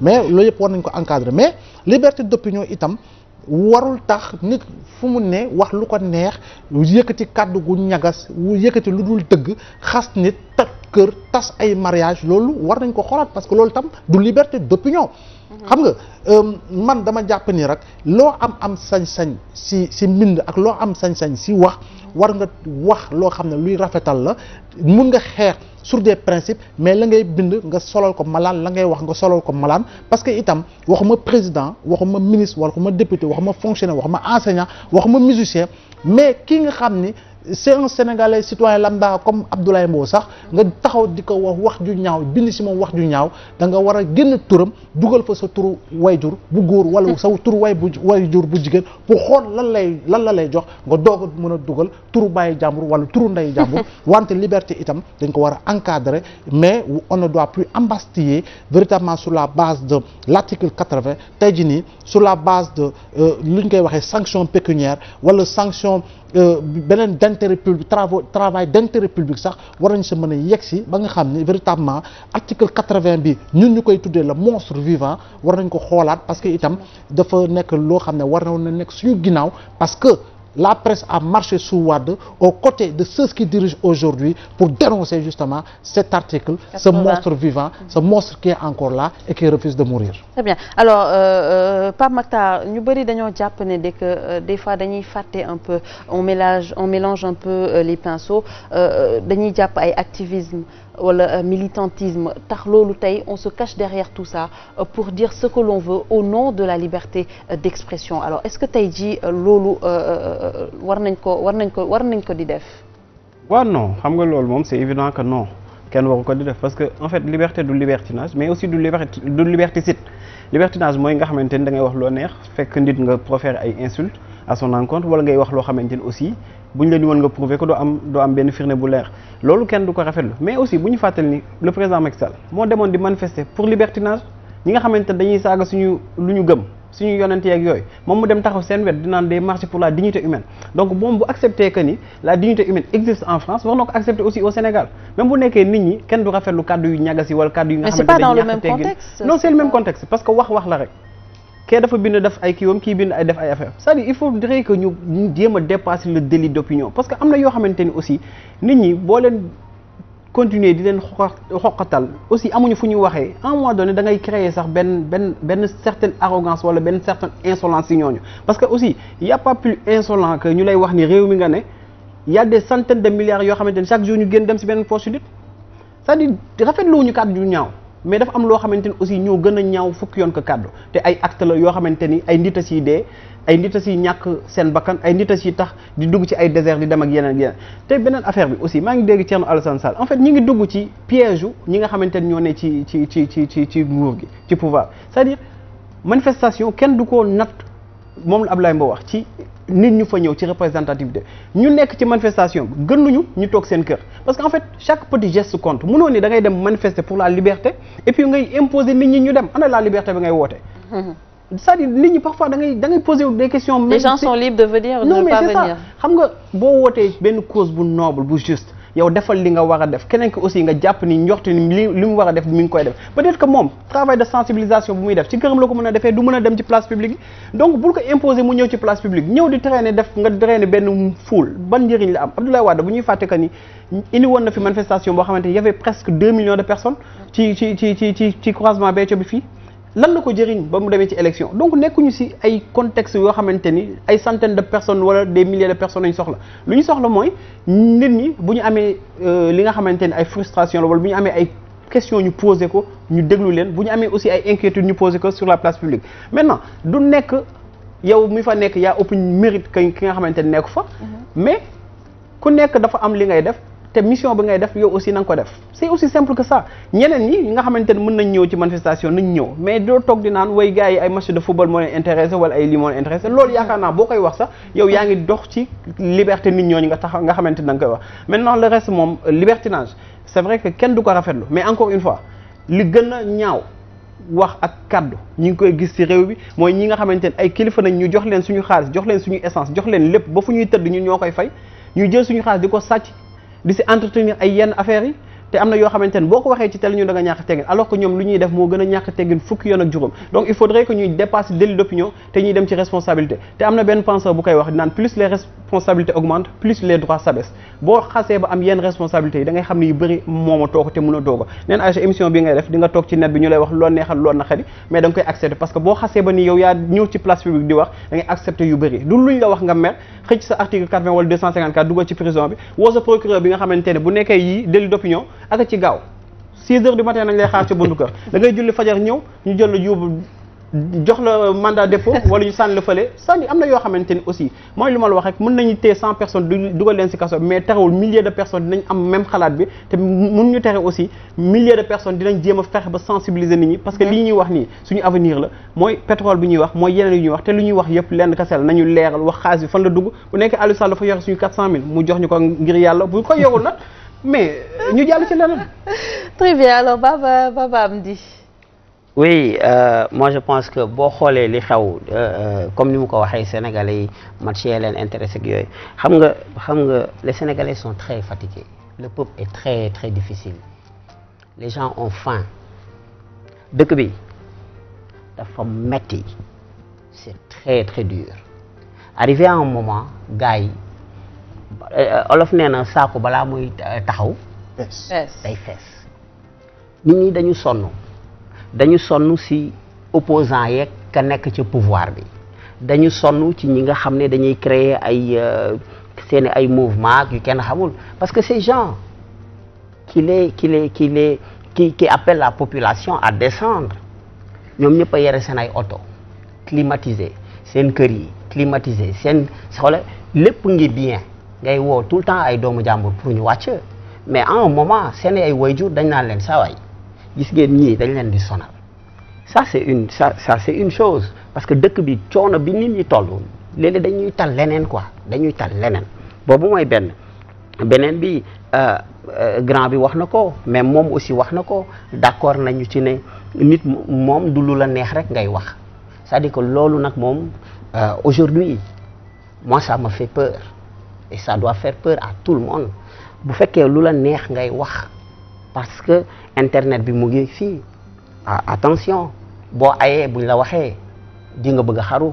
mais loolu yëpp war nañ ko encadrer mais liberté d'opinion itam warul tax nit fu mu ne wax lu ko neex yëkkati kàddu gu ñagas wu yëkkati lu dul dëgg xas nit toj kër tas ay mariage loolu war nañ ko xoolaat parce que loolu tam du liberté d'opinion xam nga euh, man dama jàpp ni rek loo am am sañ-sañ si si mbind ak loo am sañ-sañ si wax war nga wax loo xam ne luy rafetal la mun nga xeex sur des principes mais la ngay bind nga solal ko malaan la ngay wax nga solal ko malaan parce que itam waxuma président waxuma ministre waxuma député waxuma fonctionnaire waxuma enseignant waxuma musicien mais kii nga xam ni c'est un sénégalais citoyen lambda comme Abdoulaye Mbow sax nga taxaw di ko wax wax ju ñaaw bind si moom wax ju ñaaw danga nga war a génn turam dugal fa sa turu jur bu góor wala sa turu way bu wayjur bu jigéen pour xool lan lay lan la lay jox nga doog a mën a dugal turu bàyyi jàmbur wala turu nday jàmbur wante liberté itam dañ ko war a encadrer mais on ne doit plus embastiller véritablement sur la base de l'article quatre-vingt tey jii nii sur la base de euh, lu ñu koy waxee sanction pécuniaire wala sanction euh, beneen d'intérêt public travaux travail d'intérêt public sax war nañ sa mën a si ba nga xam ni véritablement article quatre-vingt bi ñu ñu koy tuddee le monstre vivant war nañ ko xoolaat parce que itam dafa nekk loo xam ne war na na nekk suñu ginnaaw parce que la presse à marché sous Wade aux côtés de ceux qui dirigent aujourd'hui pour dénoncer justement cet article, ce monstre vivant, ce monstre qui est encore là et qui refuse de mourir. Très bien alors euh, euh, Pape Mactar ñu bëri dañoo jàpp ne dès que euh, des fois dañuy fàtte un peu on mélange on mélange un peu les pinceaux dañuy jàpp ay activisme. wala euh, militantisme tax loolu tey on se cache derrière tout ça euh, pour dire ce que l'on veut au nom de la liberté euh, d'expression alors est-ce que tey jii loolu war nañ ko war nañ ko war nañ ko di def waaw non xam nga loolu moom c'est évident que non kenn waru ko di def parce que en fait liberté du libertinage mais aussi du liberti du liberticide libertinage mooy nga xamante ni da ngay wax loo neex fekk nit nga proférer ay insultes à son encontre wala ngay wax loo xamante ni aussi bu ñu la ni woon nga prouver ko doo am doo am benn firnde bu leer loolu kenn du ko rafetlu mais aussi bu ñu fàttali ni le président Macky Sall moo demoon di manifester pour libertinage ñi nga xamante ne dañuy saaga suñu lu ñu gëm suñu yonent yeeg yooyu moom mu dem taxaw seen wet dinaan des marches pour la dignité humaine donc moom bu accepter que ni la dignité humaine existe en France war na ko accepter aussi au Sénégal même bu nekkee nit ñi kenn du rafetlu kàddu yu ñagas yi wala kàddu yi nga xamante ne parce que wax wax la rek kee dafa bind def ay kiiwam kii bind ay def ay affaire c'est-à-dire il faudrait que ñu ñu jéem a dépasser le délit d'opinion parce que am na yoo xamante ni aussi nit ñi boo leen continuer di leen xoqatal aussi amuñu fu ñu waxee en un moment donné da ngay créer sax benn benn benn certaine arrogance wala benn certaine insolence si ñooñu parce que aussi y a pas plus insolent que ñu lay wax ni réew mi nga ne y a des centaines de milliards yoo xamante ni chaque jour ñu génn dem si benn poche su nit c'est-à-dire rafetlu ñaaw mais dafa am loo xamante ni aussi ñoo gën a ñaaw fukk yoon ko kàddu te ay acte la yoo xamante ni ay nit a siy dee ay nit a ñàkk seen bakkan ay nit a tax di dugg ci ay désert di dem ak yeneen yeneen te beneen affaire bi aussi maa ngi dégg Thierno Alassane Sall en fait ñi ngi dugg ci piège u ñi nga xamante ni ñoo ne ci ci ci ci ci ci nguur gi ci pouvoir c'est-à-dire manifestation kenn du ko natt moom la ab Ablaye Mbow wax ci nit ñu fa ñëw ci représentativité ñu nekk ci manifestation gënuñu ñu toog seen kër parce que en fait chaque petit geste compte mënoo ni da ngay dem manifester pour la liberté et puis ngay imposer nit ñi ñu dem ana la liberté bi ngay woote. Mhm. c'est-à-dire nit ñi parfois da ngay posé ngay poser des questions. les gens sont libres de venir ou mais c'est ça xam nga boo wootee benn cause bu noble bu juste. yow defal li nga war a def keneen ki aussi nga jàpp ni njorti ni li li mu war a def mi ngi koy def peut-être moom travail de sensibilisation bu muy def ci këram la ko mën a defee du mën a dem ci place publique donc bul ko imposer mu ñëw ci place publique ñëw di traîner def nga traîner benn foule ban njëriñ la am Abdoulaye Wade bu ñuy fàtte que ni indi woon na fi manifestation boo xamante y avait presque deux millions de personnes ci ci ci ci ci ci croisement Béthio bi fii lan la ko jëriñ ba mu demee ci élection donc nekkuñu si ay contexte yoo xamante ni ay centaines de personnes wala des milliers de personnes lañ soxla lu ñu soxla mooy nit ñi bu ñu amee euh, li nga xamante ni ay frustration la wala bu ñu amee ay question ñu posé ko ñu déglu leen bu ñu amee aussi ay inquiétude ñu posé ko sur la place publique maintenant du nekk yow mi fa nekk yaa ëpp mérite que ki nga xamante ni nekk fa mm-hmm. mais ku nekk dafa am li ngay def te mission bi ngay def yow aussi na nga ko def c'est aussi simple que ça ñeneen ñi nga xamante ne mën nañ ñëw ci manifestation nañ ñëw mais doo toog di naan way gars yi ay match de football moo leen intéressé wala ay lii moo loolu yaakaar naa boo koy wax sax yow yaa ngi dox ci liberté nit ñooñu nga tax nga xamante ne da nga koy wax maintenant le reste moom libertinage c'est vrai que kenn du ko rafetlu mais encore une fois li gën a ñaaw wax ak kaddu ñi ngi koy gis ci réew bi mooy ñi nga xamante ne ay kilifa nañ ñu jox leen suñu xaalis jox leen suñu essence jox leen lépp ba fu ñuy tëdd ñoo koy fay ñu jël suñu xaalis di ko sàcc di si entretenir ay yenn affaires yi te am na yoo xamante ne boo ko waxee ci télé ñu da nga ñàkk teggin alors que ñoom lu ñuy def moo gën a ñàkk teggin fukki yoon ak juróom donc il faudrait que ñuy dépasser délit d'opinion te ñuy dem ci responsabilité te am na benn penseur bu koy wax naan plus les responsabilités augmentent plus les droits s'abaissent boo xasee ba am yenn responsabilités yi da ngay xam ne yu bëri mooma toog te mën a dooga neen Aïcha émission bi ngay def di nga toog ci net bi nga koy accepter parce que boo xasee ba ni yow yaa ñëw ci la wax nga mer xëcc sa article 80 wala 254 dugal ne nekkee yii aka ci gaaw 6 heures du matin nañ lay xaar ca buntu kër julli fajar ñëw ñu jël la yóbbu jox la mandat dépôt wala ñu sànni la fële sànni am na yoo xamante ni aussi mooy lu ma la wax rek mën nañu téye cent personnes du dugal leen ci kaso mais terewul milliers de personnes dinañ am même xalaat bi te mun ñu aussi milliers de personnes dinañ jéem a fexe ba sensibiliser nit ñi parce que lii ñuy wax nii suñu avenir la mooy pétrole bi ñuy wax mooy yeneen yu ñuy wax te lu ñuy wax yëpp lenn kaseel nañu leeral wax xaalis bi fan la dugg bu nekk Aliou Sall dafa yore suñu quatre mu jox ñu ko ngir yàlla bu ko yorul nag mais ñu jàll ci leneen. très bien alors Baba Baba Amdi. oui euh, moi je pense que boo xoolee li xew euh, euh, comme ni mu ko waxee sénégalais yi match le leen intéressé ak yooyu xam nga xam nga les sénégalais sont très fatigués le peuple est trè très difficile les gens ont faim dëkk bi dafa metti c'est très très dur arrivé à un moment gars yi Eh, olof nee na saako balaa muy eh, taxaw. day fees. nit ñi dañu sonn dañu sonn si opposant yeeg ka nekk ca pouvoir bi dañu sonn ci ñi nga xam ne dañuy créer ay eh, seen ay mouvement ak yu kenn xamul parce que ces gens qui les qui les qui les qui qui la population à descendre ñoom ñëpp a yore seen ay oto climatisé seen kër yi climatisé seen lépp ngi bien. ngay woo tout le temps ay doomu jàmbur pour ñu wàcc mais à un moment seen ay wayjur dañ naa leen saway gis ngeen ñii dañ leen di sonal ça c'est une ça ça c'est une chose parce que dëkk bi coono bi nit ñi toll léeg-léeg dañuy tal leneen quoi dañuy tal leneen boobu mooy benn beneen bi euh, euh, grand bi wax na ko mais moom aussi wax na ko d'accord nañu ci ne nit moom du lu la neex rek ngay wax c'est-à-dire loolu nag moom euh, aujourd'hui moi fait peur et ça doit faire peur à tout le monde bu fekkee lu la neex ngay wax parce que internet bi mu ngi fii attention boo ayee buñ la waxee di nga bëgg a xaru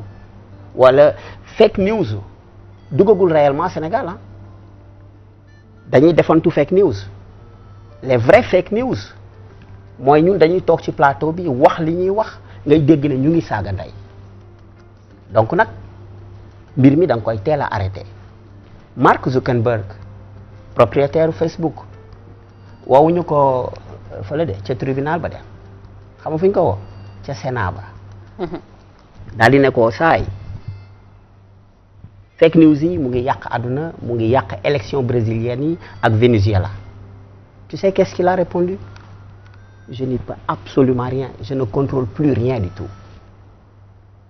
walla fake news duggagul réellement Sénégal ah dañuy defantu fake news les vrais fake news mooy ñun dañuy toog ci plateau bi wax li ñuy wax ngay dégg ne ñu ngi saaga nday donc nag mbir mi da koy teel a arrêté Mark Zuckerberg propriétaire Facebook woowuñu ko euh, fële de ca tribunal ba de xam nga fu ko wo ca Sénat ba. Mhm. daal di ne ko saay fake news yi mu ngi yàq àdduna mu ngi yàq élection brésilienne yi ak Venezuela tu sais qu'est-ce qu'il a répondu je n'y peux absolument rien je ne contrôle plus rien du tout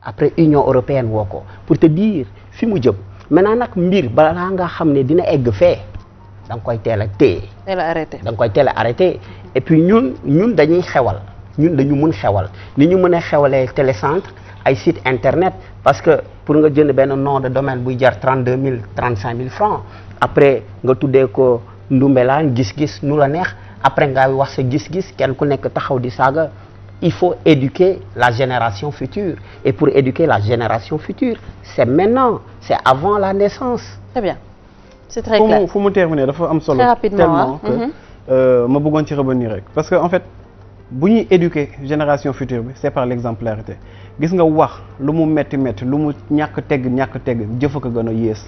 après Union européenne woo pour te dire fi mu jëm. maintenant nag mbir balaa nga xam ne dina egg fee danga koy teel a téye. arrêté da koy teel arrêté et puis ñun ñun dañuy xewal ñun dañu mun xewal ni ñu mën a xewalee télécentre ay site internet parce que pour nga jën benn nom de domaine buy jar trente deux mille trente cinq mille francs après nga tuddee ko ndumbelaan gis-gis nu la neex après ngay wax sa gis-gis kenn ku nekk taxaw di saaga. il faut éduquer la génération future. Et pour éduquer la génération future, c'est maintenant, c'est avant la naissance. Très bien, c'est très clair. Il faut me terminer, il faut me Très rapidement, mm-hmm. euh, ma bëggoon ci ni rek parce que en fait bu ñuy éduquer génération future bi c'est par l'exemplarité gis nga wax lu mu metti metti lu mu ñàkk tegg ñàkk tegg jëf a ko gën a yées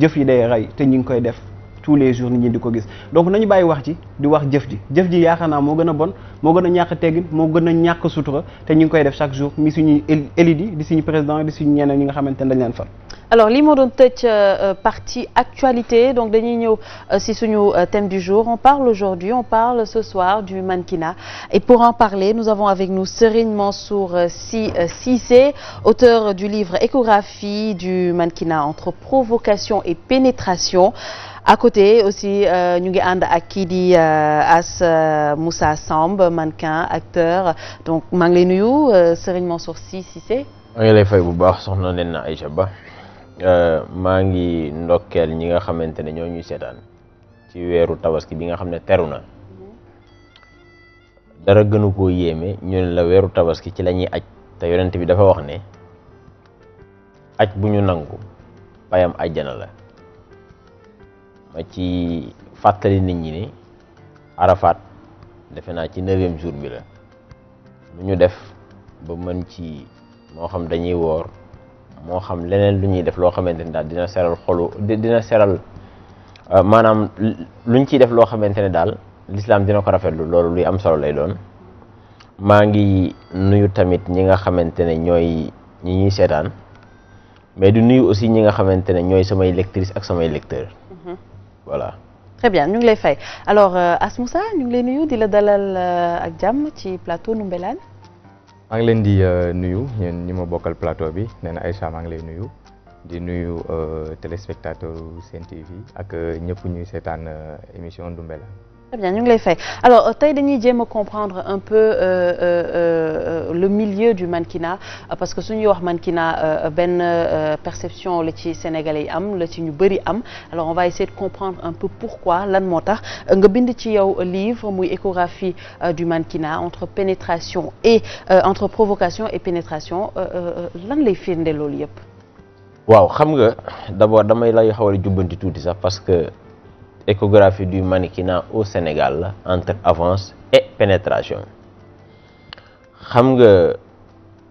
jëf yi day rey te ñu ngi koy def tous les jours nit ñi di ko gis donc nañu bàyyi wax ci di wax jëf ji jëf ji yaakaar naa moo gën a bon moo gën a ñàkk teggin moo gën a ñàkk sutura te ñu ngi koy def chaque jour mi suñuy élite yi di suñu président di suñu ñeneen ñi nga xamante ne dañ leen fal alors li moo doon tëj euh, euh, partie actualité donc dañuy ñëw euh, si suñu thème du jour on parle aujourd'hui on parle ce soir du mannequinat et pour en parler nous avons avec nous Serigne Mansour Sy Cissé auteur du livre échographie du mannequinat entre provocation et pénétration à côté aussi ñu ngi ànd ak kii di As Moussa Samb mannequin acteur donc maa ngi lay nuyu Serigne Mansour Sy Cissé. maa bu baax soxna leen na Aïcha Ba. Euh, maa ngi ndokkeel ñi nga xamante ne ñoo ñuy seetaan ci weeru tabaski bi nga xam ne teru na dara gënu koo yéeme ñu ne la weeru tabaski ci lañuy ñuy aj te yonent bi dafa wax ne aj bu ñu nangu payam ajjana la ma ci fàttali nit ñi ni Arafat defe naa ci neuvième jour bi la lu ñu def ba mën ci moo xam dañuy woor moo xam leneen lu ñuy def loo xamante ni daal dina seral xolu dina seral euh, maanaam luñ ciy def loo xamante ne daal l'islam dina ko rafet lu loolu luy am solo lay doon maa ngi nuyu tamit ñi nga xamante ne ñooy ñi ñuy seetaan mais di nuyu aussi ñi nga xamante ne ñooy samay lectrice ak samay lecteur mm-hmm. voilà très bien ñu ngi lay fay alors euh, Asmoussa ñu ngi lay nuyu di dalal euh, ak jàmm ci plateau Ndoumbélane maa ngi leen di euh, nuyu ñeen ñi ma bokkal plateau bi nee ay Aïcha maa ngi lay nuyu di nuyu euh, téléspectateur Sen TV ak euh, ñëpp ñuy seetaan émission Ndoumbélane très ñu ngi lay fay alors tey dañuy jéem a comprendre un peu euh, euh, euh, le milieu du mannequinat euh, parce que suñuy wax man naa euh, benn perception la ci sénégalais yi am la ci ñu bëri am alors on va essayer de comprendre un peu pourquoi lan moo tax nga bind ci yow livre muy échographie du mannequinat entre pénétration et euh, entre provocation et pénétration lan lay firnde loolu yëpp. waaw xam nga d'abord damay lay xawal jubbanti tuuti sax parce que. échographie du mannequinat au Sénégal la entre avance et pénétration xam nga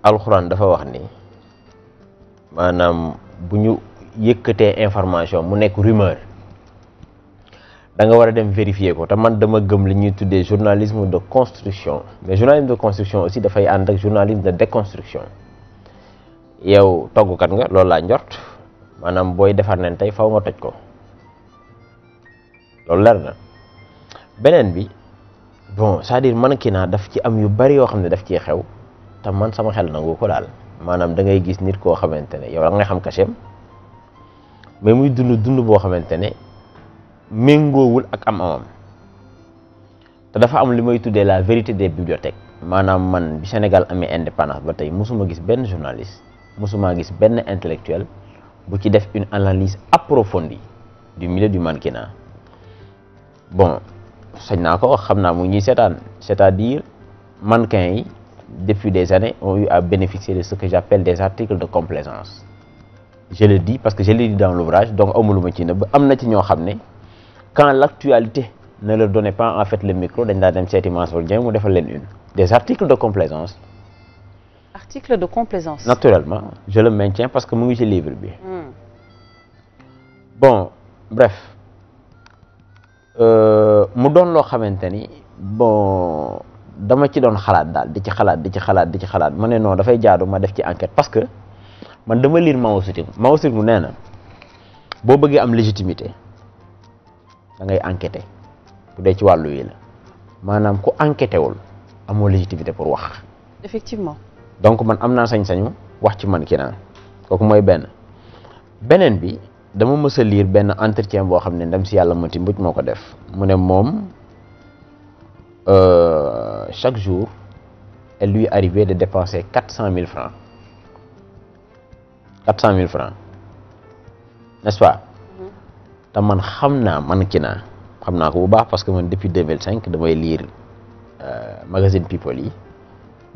alxuraan dafa wax ni maanaam bu ñu yëkkatee information mu nekk rumeur da war a dem vérifier ko te man dama gëm li ñuy tuddee journalisme de construction mais journalisme de construction aussi dafay ànd ak journalisme de déconstruction yow toggkat nga loolu laa njort maanaam booy defar nen tey faw nga toj ko loolu leer na beneen bi bon c'est-à-dire man ki naa daf ci am yu bari yoo xam ne daf ciy xew te man sama xel nangu ko daal maanaam da ngay gis nit koo xamante ne yow da ngay xam kaseem mais muy dund dund boo xamante ne méngoowul ak am amam te dafa am li may tuddee la vérité des bibliothèques maanaam man bi Sénégal amee indépendance ba tey mosuma gis benn journaliste mosuma gis benn intellectuel bu ci def une analyse approfondie du milieu du naa bon sañ naa ko xam naa mu ñuy seetaan c'est-à-dire mannequins yi depuis des années ont eu à bénéficier de ce que j'appelle des articles de complaisance je le dis parce que je l'ai dit dans l'ouvrage donc amulu ma ci ne am na ci ñoo xam ne quand l'actualité ne leur donnait pas en fait le micro dañ daa dem seeti Mansour Dieng mu defal leen une des articles de complaisance article de complaisance naturellement je le maintiens parce que mu ngi ci livre bi hmm. bon Euh, mu doon loo xamante ni bon dama ci doon xalaat daal di ci xalaat di ci xalaat di ci xalaat ma ne non dafay jaadu ma def ci enquête parce que man dama lire Mao Tse-tung Mao Tse-tung nee na boo bëggee am légitimité da ngay enquêter bu dee ci wàllu yi la maanaam ku enquêté wul amoo légitimité pour wax. effectivement. donc man am naa sañ-sañu wax ci man kii naan kooku mooy benn beneen bi. dama mës liir benn entretien boo xam ne ndem si yàlla mati mbuj moo ko def mu ne moom euh, chaque jour elle lui arrivait de dépenser quatre cent mille francs quatre cent mille francs n'est-ce pas mm-hmm. te man xam naa man ki naa xam naa ko bu baax parce que man depuis deux mille cinq damay lire euh, magazine people yi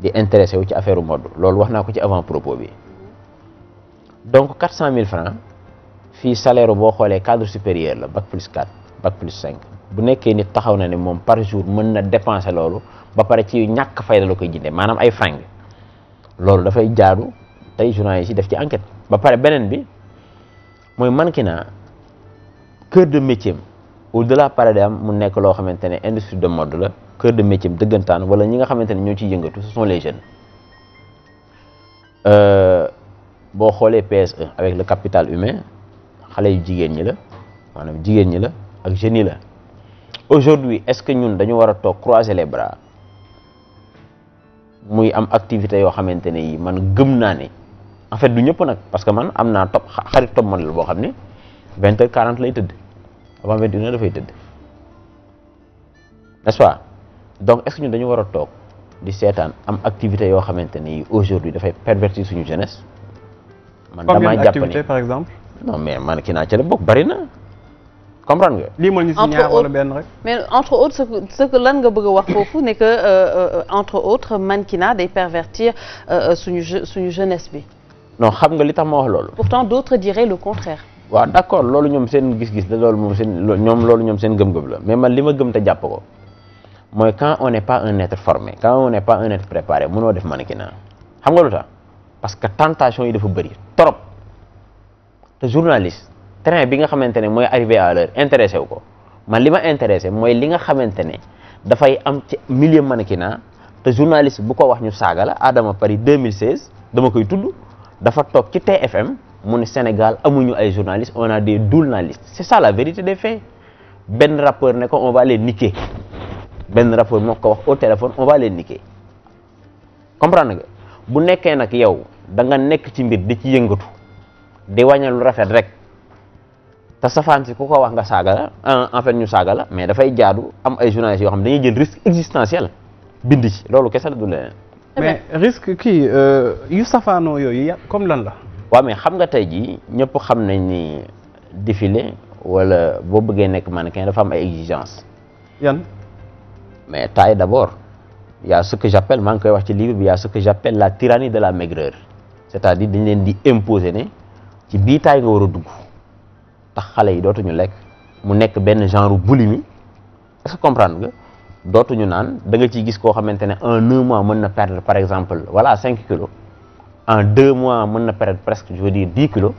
di intéressé wu ci affaire mode loolu wax naa ko ci avant propos bi mm-hmm. donc cent mille francs fii salaire boo xoolee cadre supérieur la bac plus 4 bac plus 5 bu nekkee nit taxaw na ne moom par jour mën na dépenser loolu ba pare ci ñàkk fayda la koy jëndee maanaam ay fang loolu dafay jaadu tey journaliste yi def ci enquête ba pare beneen bi mooy mannequinat cœur de métier au-delà Paradem mu nekk loo xamante ne industrie de mode la kër de métier dëggantaan wala ñi nga xamante ne ñoo ciy yëngatu ce sont les euh, boo xoolee PSE avec le capital humain xale yu jigéen ñi la maanaam jigéen ñi la ak jeunes yi la aujourd'hui est-ce que ñun dañu war a toog croiser les bras muy am activité yoo xamante ne yi man gëm naa ni en fait du ñëpp nag parce que man am naa top xarit top la boo xam ne vingt heures quarante lay tëdd avant vingt une heures tëdd n'est-ce pas donc est que ñun dañu war a toog di seetaan am activité yoo xamante ne yi aujourd'hui dafay pervertir suñu jeunesse man damaa jàpp ne par exemple non mais man kii naa bokk bari na comprendre nga. lii mooy ñu si wala benn rek. mais entre autres ce que lan nga bëgg a wax foofu ne que euh, euh, entre autres mannequinat day pervertir euh, suñu suñu jeunesse bi. non xam nga li tax ma wax loolu. pourtant d'autres diraient le contraire. waaw d'accord loolu ñoom seen gis-gis la loolu moom seen ñoom loolu ñoom seen gëm-gëm la mais man li ma gëm te jàpp ko mooy quand on n'est pas un être formé quand on n'est pas un être préparé mënoo def mannequinat xam nga lu ta parce que tentation yi dafa bëri trop. te journaliste train bi nga xamante ne mooy arrivé à l'heure intéressé wu ko man li ma intéressé mooy li nga xamante ne dafay am ci milieu mannequinat te journaliste bu ko wax ñu saaga la Adama Paris 2016 dama koy tudd dafa toog ci TFM mu ne Sénégal amuñu ay journalistes on a des dournalistes c'est ça la vérité des faits benn rappeur ne ko on va les niquer benn rappeur moo ko wax au téléphone on va les niquer comprendre nga bu nekkee nag yow da nga nekk ci mbir di ci yëngatu. di wàññi lu rafet rek te safaan si ku ko wax nga saaga la en fait ñu saaga la mais dafay jaadu am ay journalistes yoo xam dañuy jël risque existentiel bind loolu kese la du leneen. Eh mais risque euh, safaanoo yooyu comme lan la. waaw mais xam nga tey jii ñëpp xam nañ ni défilé wala boo bëggee nekk mannequin dafa am ay exigences. yan. mais taille d'abord y a ce que j'appelle maa ngi koy wax ci livre bi y a ce que j'appelle la tyrannie de la maigreur c'est-à-dire dañ leen di imposer ne. ci bii taay nga war a dugg tax xale yi dootuñu lekk mu nekk benn genre boulimie est-ce que comprendre nga dootuñu naan da nga ciy gis koo xamante ne en un mois mën na perdre par exemple walla cinq kilos en deux mois mën na perdre presque je veux dire dix kilos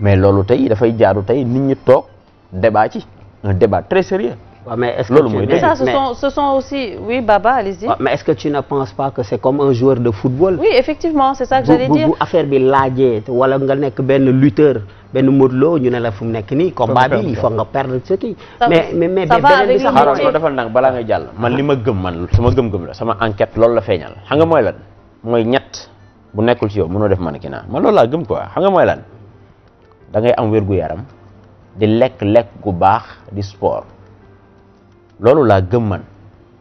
mais loolu tey dafay jaaru tey nit ñi toog débat ci un débat très sérieux waaw mais est-ce que mais ça ce sont ce sont aussi oui Baba allez-y. mais est-ce que tu ne penses pas que c'est comme un joueur de football. oui effectivement c'est ça que j'allais dire bu affaire bi laajee wala nga nekk benn lutteur benn modlo ñu ne la fu mu nekk nii. combat bi il faut nga perdre ce qui. mais mais mais beneen bi sax. xaaral soo defal nag balaa ngay jàll. man li ma gëm man sama gëm-gëm la sama enquête loolu la feeñal xam nga mooy lan mooy ñett bu nekkul ci yow mënoo def man ki naa man loolu laa gëm quoi xam nga mooy lan da ngay am wér gu yaram di lekk lekk gu baax di sport loolu laa gëm man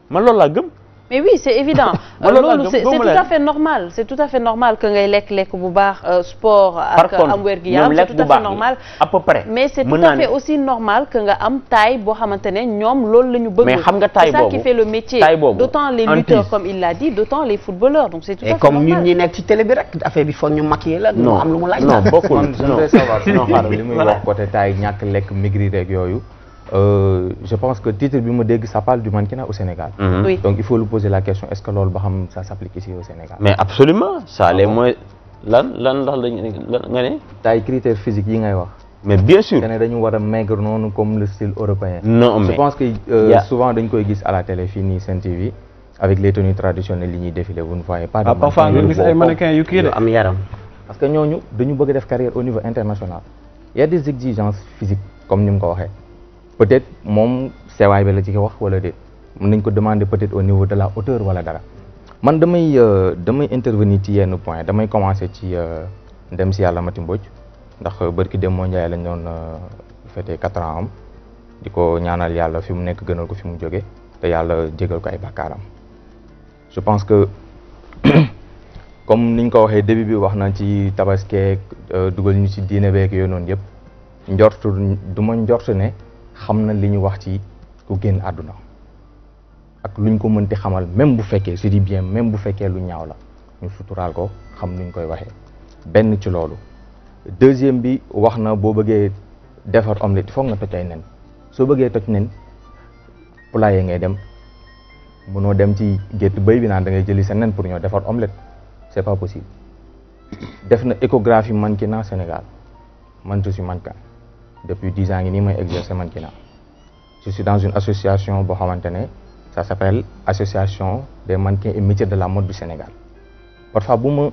man loolu laa gëm. mais oui c'est évident loolu c'est tout à fait normal c'est tout à fait normal que ngay lekk lekk bu baax euh, sport ak am wér gi yaram c'est tout à fait normal à peu près mais c'est tout à fait aussi normal que nga am taille boo xamante ne ñoom loolu la ñu bëgg mais xam nga taille boobu c'est ça qui fait le métier d'autant les lutteurs comme il l'a dit d'autant les footballeurs donc c'est tout à fait normal et comme ñun ñi nekk ci télé bi rek affaire bi foog ñu maquiller la ñu am lu mu laaj non bokkul non non xaaral li muy wax côté taille ñàkk lekk maigrir rek yooyu Euh, je pense que titre bi ma dégg ça parle du mannequinat au Sénégal. Mm -hmm. oui. donc il faut lui poser la question est-ce que loolu ba xam ça s'applique ici au Sénégal. mais absolument ça les ah moins lan lan ndax lan nga ne. taay critères physiques yi ngay wax. mais bien sûr que ne dañu war a maigre noonu comme le style européen. non mais je euh, souvent dañ koy gis à la télé fii nii Sen TV avec les tenues traditionnelles ñuy défilé vous ne voyez pas. ah parfois nga gis ay mannequins parce que ñooñu dañu bëgg def carrière au niveau international il y comme ni mu ko waxee. peut-être moom seewaay bi la ci wax wala de mën nañ ko demander peut-être au niveau de la hauteur wala dara man damay euh, damay intervenir ci yenn point damay commencer ci ndem euh, si yàlla Mati Mbodj ndax euh, barki dem moo Ndiaye lañ doon fêté quatre ans am di ko ñaanal yàlla fi mu nekk gënal ko fi mu jóge te yàlla jégal ko ay bakkaaram je pense que comme niñ ko waxee début bi wax na ci tabaskeek dugal ñu ci diine beek yooyu noonu yëpp njort du ma njort ne xam na li ñu wax ci ku génn àdduna ak luñ ko mënti xamal même bu fekkee je dis bien même bu fekkee lu ñaaw la ñu suturaal ko xam nuñ koy waxee benn ci loolu deuxième bi wax na boo bëggee defar omelette foog nga toj ay nen soo bëggee toj nen poulailler ngay dem mënoo dem ci gétt bay bi naan da ngay jëli sa nen pour ñoo defar omelette c'est pas possible def na échographie mannequinat Sénégal man je suis mannequin depuis dix ans ngi nii mooy exercer man Kina je suis dans une association boo xamante ne ça s'appelle association des mannequins et métiers de la mode du Sénégal parfois bu ma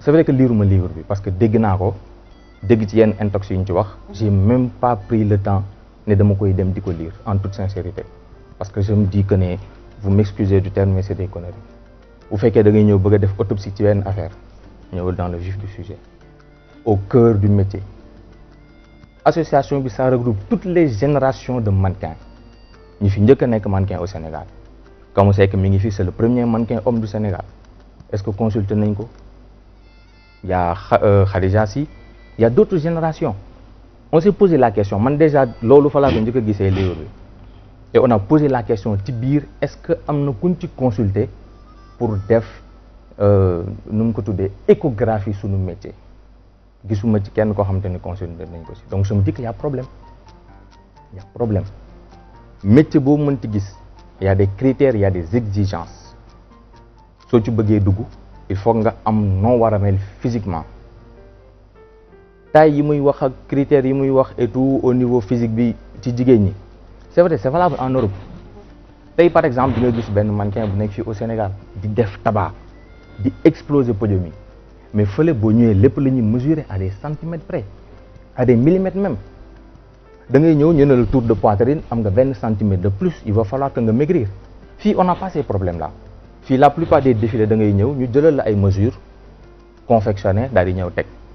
c'est vrai que liiruma livre bi parce que dégg naa ko dégg ci yenn intox yu ñu ci wax j'ai même pas pris le temps ne dama koy dem di ko lire en toute sincérité parce que je me dis que ne vous m'excusez du terme mais c'est des bu fekkee dangay ñëw bëgg a def autopsie ci benn affaire ñëwal dans le vif du sujet au cœur du métier association bi sa regroupe toutes les générations de mannequins ñi fi njëkka nekk mannequin au Sénégal Camou Seck mi ngi fi c'est le premier mannequin homme du Sénégal est-ce que consulté nañ ko y a euh, Khadija Sy y a d'autres générations on s'est posé la question man déjà loolu fa laa ko njëkk gisee livre bi et on a posé la question ci biir est-ce que am na kuñ ci consulter pour def euh, nu mu ko tuddee échographie sunu métier gisuma ci kenn koo xamante ne considéré nañ ko si donc je me dis que a problème y' problème métier boo mënti gis y' a des critères y' a des exigences soo ci bëggee dugg il faut nga am noo war a mel physiquement taille yi muy wax ak critères yi muy wax et tout au niveau physique bi ci jigéen ñi c' est vrai c' est valable en Europe tey par exemple di nga gis benn mannequin bu nekk fii au Sénégal di def tabac di exploser podium yi mais fale boo ñëwee lépp la ñuy mesurer à des centimètres près à des millimètres même da ngay ñëw ñu ne la tour de poitrine am nga benn centimètre de plus il va falloir que nga maigrir fii on n'a pas ces problèmes là fii la plupart des défilés da ngay ñëw ñu jëlal la ay mesures confectionnées daal di ñëw teg.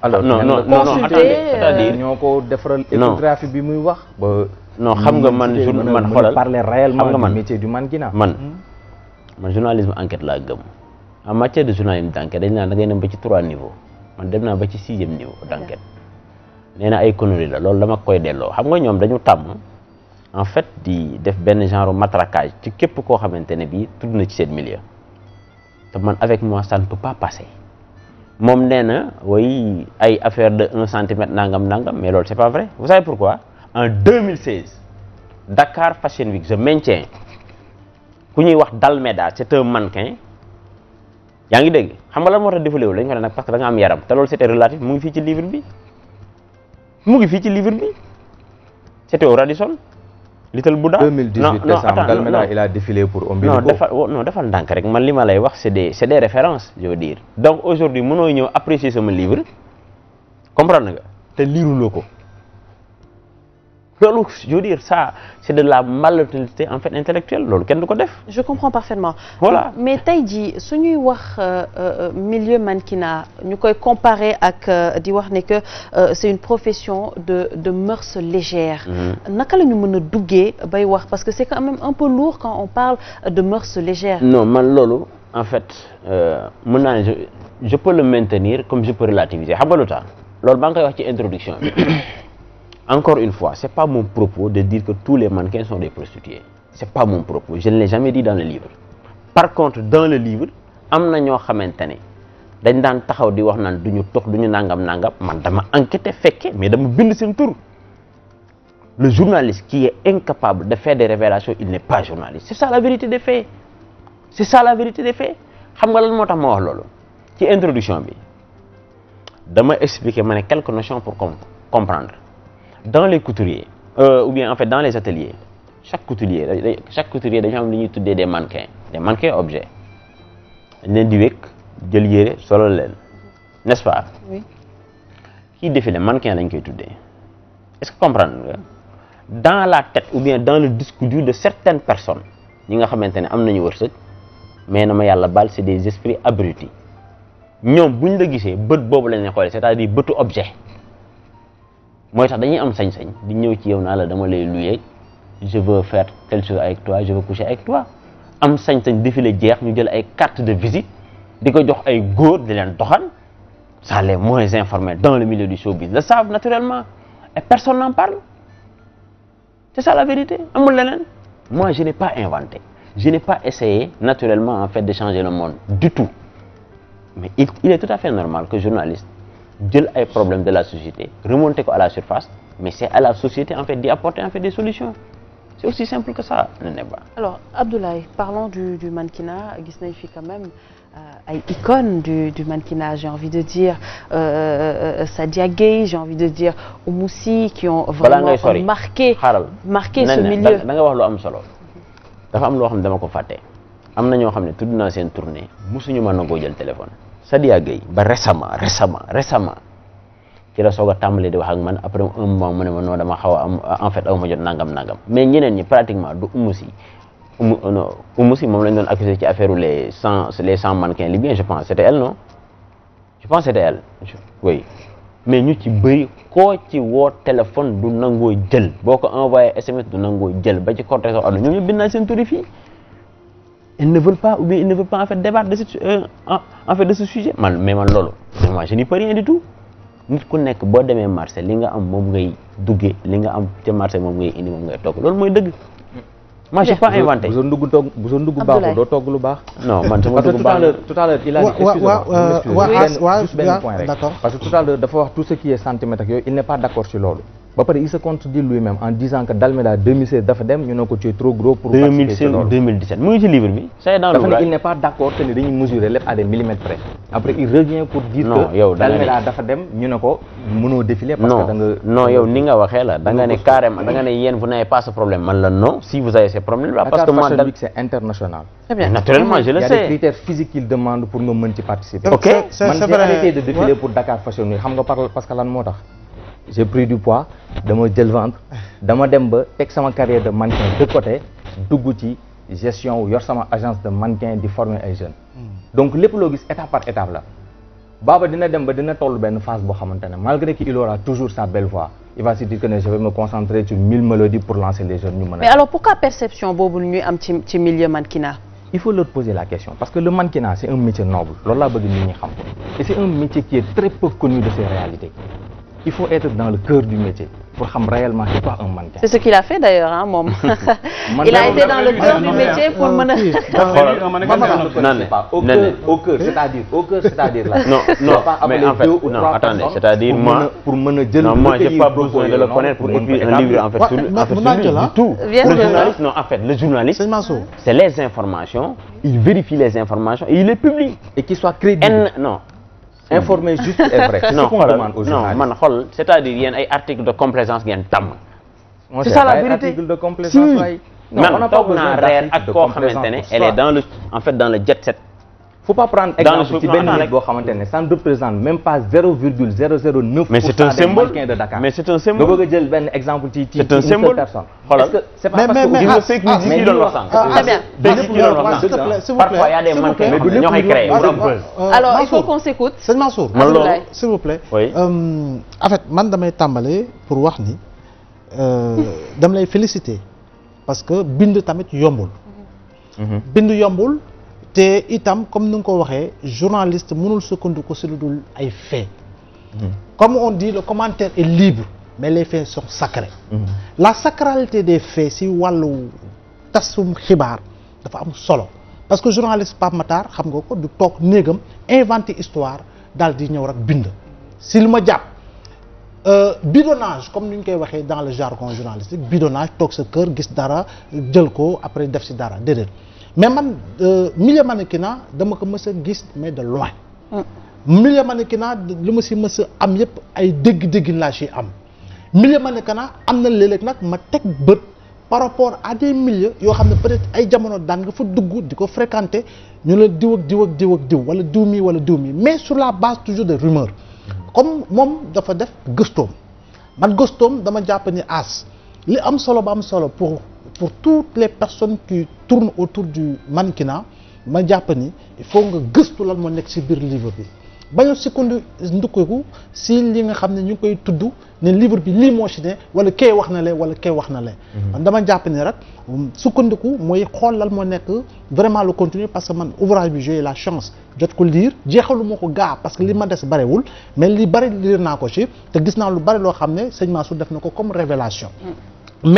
alors non non ñoo ko defaral échographie bi muy wax ba non xam nga man jour man xoolal parler réellement xam nga man métier du mannequinat man hmm? man journalisme enquête laa gëm en matière de journalisme d'enquête dañ naan da ngay dem ba ci trois niveaux dem naa ba ci sixième niveau d'enquête nee na ay conneries la loolu dama koy delloo xam nga ñoom dañu tàmm en fait di def benn genre matraquage ci képp koo xamante ne bii tudd na ci seen milieu te man avec moi ça ne peut pas passer moom nee na way ay affaire de un centimètre nangam nangam mais loolu c'est pas vrai vous savez pourquoi en 2016 Dakar Fashion Week je maintiens ku ñuy wax Dalmeda c'est un mannequin yaa ngi dégg xam nga la moo tax défilé wu lañ ko ne nag parce que am yaram te loolu c'était relatif mu ngi fii ci livre bi mu ngi fii ci livre bi c'était au Radisson Little Bouddha. 2018 décembre Dalméda il a défilé pour Ombilico. non defal oh, non defal ndànk rek man li ma lay wax c'est des c'est des références je veux dire donc aujourd'hui mënoo ñëw apprécier sama livre comprendre nga te liiruloo ko. loolu je dire ça c'est de la malhonnêteté en fait intellectuelle loolu kenn de ko def. je comprends parfaitement. mais tey jii su ñuy wax euh, euh, milieu mannequinat ñu koy comparer ak euh, di wax ne que c'est une profession de de mœurs légères. Mhm. naka la ñu mën a duggee bay wax parce que c'est quand même un peu lourd quand on parle de mœurs légères. non man loolu en fait mën naa ne je peux le maintenir comme je peux relativiser xam nga lu loolu maa ngi koy wax ci introduction bi. Encore une fois, c'est pas mon propos de dire que tous les mannequins sont des prostituées. C'est pas mon propos, je ne l'ai jamais dit dans le livre. Par contre, dans le livre, am na ñoo xamante ne dañ daan taxaw di wax naan du ñu tox du ñu nangam nangam man dama enquêté fekke mais dama bind seen tur le journaliste qui est incapable de faire des révélations il n'est pas journaliste c'est ça la vérité des faits c'est ça la vérité de faits xam nga lan moo tax ma wax loolu ci introduction bi dama expliquer ma ne quelques notions pour comprendre dans les couturiers euh, bien en fait les ateliers chaque couturier chaque couturier dañu am li ñuy tuddee des mannequins des mannequins objet dañ di wékk jël yére solo leen n'est-ce pas. oui kii défilé mannequin lañ koy tuddee est-ce que comprendre dans la tête ou bien dans le discours de certaines personnes ñi nga xamante ne am nañu wërsëg mais na ma yàlla baal c'est des esprits abrutis ñoom buñ la gisee bët boobu lañ leen xoolee cest à di bëtu objet. mooy tax dañuy am sañ-sañ di ñëw ci yow naa la dama lay luyee je veux faire telle chose avec toi je veux coucher avec toi am sañ-sañ défilé jeex ñu jël ay carte de visite di ko jox ay góor di leen doxal ça les moins informés dans le milieu du showbiz le savent naturellement et personne n'en parle c'est ça la vérité amul leneen moi je n'ai pas inventé je n'ai pas essayé naturellement en fait de changer le monde du tout mais il, il est tout à fait normal que jël ay problème de la société remonter ko à la surface mais c'est à la société en fait d'y apporter en fait des solutions c'est aussi simple que ça le Néba. alors Abdoulaye parlons du du mannequinat gis nañ fi quand même euh, ay euh, icônes du du mannequinat j'ai envie de dire sa euh, euh, Sadia Gueye j'ai envie de dire Oumou Sy qui ont vraiment marqué xaaral marqué ce milieu da nga wax lu am solo dafa am loo xam ne dama ko fàtte am na ñoo xam ne tudd naa seen tournée mosuñu mën nangoo jël téléphone Sadiya Gueye ba récemment récemment récemment ci la soog a tàmbali di wax ak man après ma mois mu ne ma non dama xaw a am en nangam nangam mais ñeneen ñi pratiquement du umu si umu euh, umu si moom lañ doon accusé ci affaire les cent les cent mannequins libyens je pense c'était elle non je pense c'était elle oui mais ñu ci bëri koo ci woo téléphone du nangoo jël boo ko envoyé SMS du nangoo jël ba ci cortège sax addu ñoom ñu bind naa fii ils ne veulent pas ou bien ils ne veulent pas en fait débattre de ce euh, sujet man mais man loolu moi je n'y peux rien du tout ku nekk boo demee marché li nga am moom ngay duggee li nga am ca marché moom ngay indi moom ngay togg loolu mooy dëgg. moi j'ai pas inventé bu sa ndugg togg bu sa ndugg baaxul doo togg lu baax. non man sama ndugg baaxul tout à l'heure tout à l'heure a dit excuse ce qui est centimètres yooyu il n'est pas d'accord ci loolu. ba pare il se contredit lui-même en disant que Dalméda 2016 dafa dem ñu ne ko c'est trop gros pour. 2016 mu ngi ci livre bi. c'est dans l'ouvrage dafa ne il n'est pas mesurer lépp à des millimètres près. après il revient pour dire non, que dafa dem ñu ne ko mënoo défiler. parce que da nga non ne carrément problème man la non si vous avez ce problème là. parce que moi Dakar Fashion Week c'est international. eh bien naturellement je Dakar Fashion Week xam j'ai pris du pois dama jël ventre dama dem ba teg sama carrière de mannequin de côté dugg ci gestion yor sama agence de mannequin di former ay jeunes hmm. donc lépp loo gis étape par étape la Baba dina dem ba dina toll benn phase boo xamante ne malgré qu'il aura toujours sa belle voix il va se dire que ne je vais me concentrer sur mille mélodies pour lancer les jeunes ñu mën a. mais alors pourquoi perception boobu ñuy am ci ci milieu mannequinat. il faut leur poser la question parce que le mannequinat c'est un métier noble loolu laa bëgg il faut être dans le cœur du métier c'est ce qu'il a fait d'ailleurs ah moom. il a été dans le cœur du métier pour mën a. xoolal au non mais en c'est-à-dire moi pour mën a jël j'ai pas besoin de le connaître pour le journaliste non en fait le journaliste. c'est les informations. il vérifie les informations et il les publie. et qu'il soit crédible informer juste et vrai. c'est ce qu'on man xool c'est-à-dire yéen ay de complaisance ngeen tàmm. c'est ça la vérité article de complaisance waay. man toog naa reer ak koo ne elle est en fait dans le jet set. faut pas prendre exemple ci benn nit boo xamante ne san ne représente même pas zéro virgule zéro zéro neuf pour cent des mannequins de mais c'est un symbole nga bëgg a jël benn exemple ci ci une seule parce que ah, gis nga ah, fekk ni ah, vous plaît euh, en fait man damay tàmbale pour wax ni euh, dam lay féliciter parce que bind tamit yombul mhm. bind yombul te itam comme ni nga ko waxee journaliste mënul sukkandiku si lu dul ay faits. Hmm. comme on di la commentaire et libre mais les faits sont sacrés. Hmm. la sacralité des faits si wàllu tasum xibaar dafa am solo parce que journaliste Pape Matar xam nga ko du toog néegam inventé histoire daal di ñëw rek bind. si li ma jàpp euh, bidonnage comme ni ñu koy waxee dans le jargon journalistique bidonnage toog sa kër gis dara jël ko après def si dara déedéet. mais man euh, milieu mannequinat dama ko mës gis mais de loin. Ah. milieu mannequinat li ma si mës am yëpp ay dégg-dégg laa si am. milieu mannequinat am na léeg nag ma teg bët par rapport à des yoo xam ne peut-être ay jamono daan nga fa dugg di ko fréquenter ñu la diw ak diw ak diw ak diw wala diw mii wala diw mi mais sur la base toujours de rumeur. comme moom dafa def gëstoom man gëstoom dama jàpp ni as li am solo ba am solo pour. pour toutes les personnes qui tournent autour du mannequinat ma jàpp ni il faut nga gëstu lan moo nekk ci biir livre bi bañu sikkandu ndukkiku si li nga xam ne ñu ngi koy tudd ne livre bi lii moo ci ne wala kay wax na le wala kay wax na le man mhm. dama jàpp ni rek um, sukkandiku mooy xool lan moo nekk vraiment le contenu parce que man ouvrage bi j'ai la chance jot ko lire jeexalu ma ko gaa parce que li ma des barewul mais li bari lire naa ko ci te gis naa lu bari loo xam ne sëñ Mansour def na ko comme révélation mm.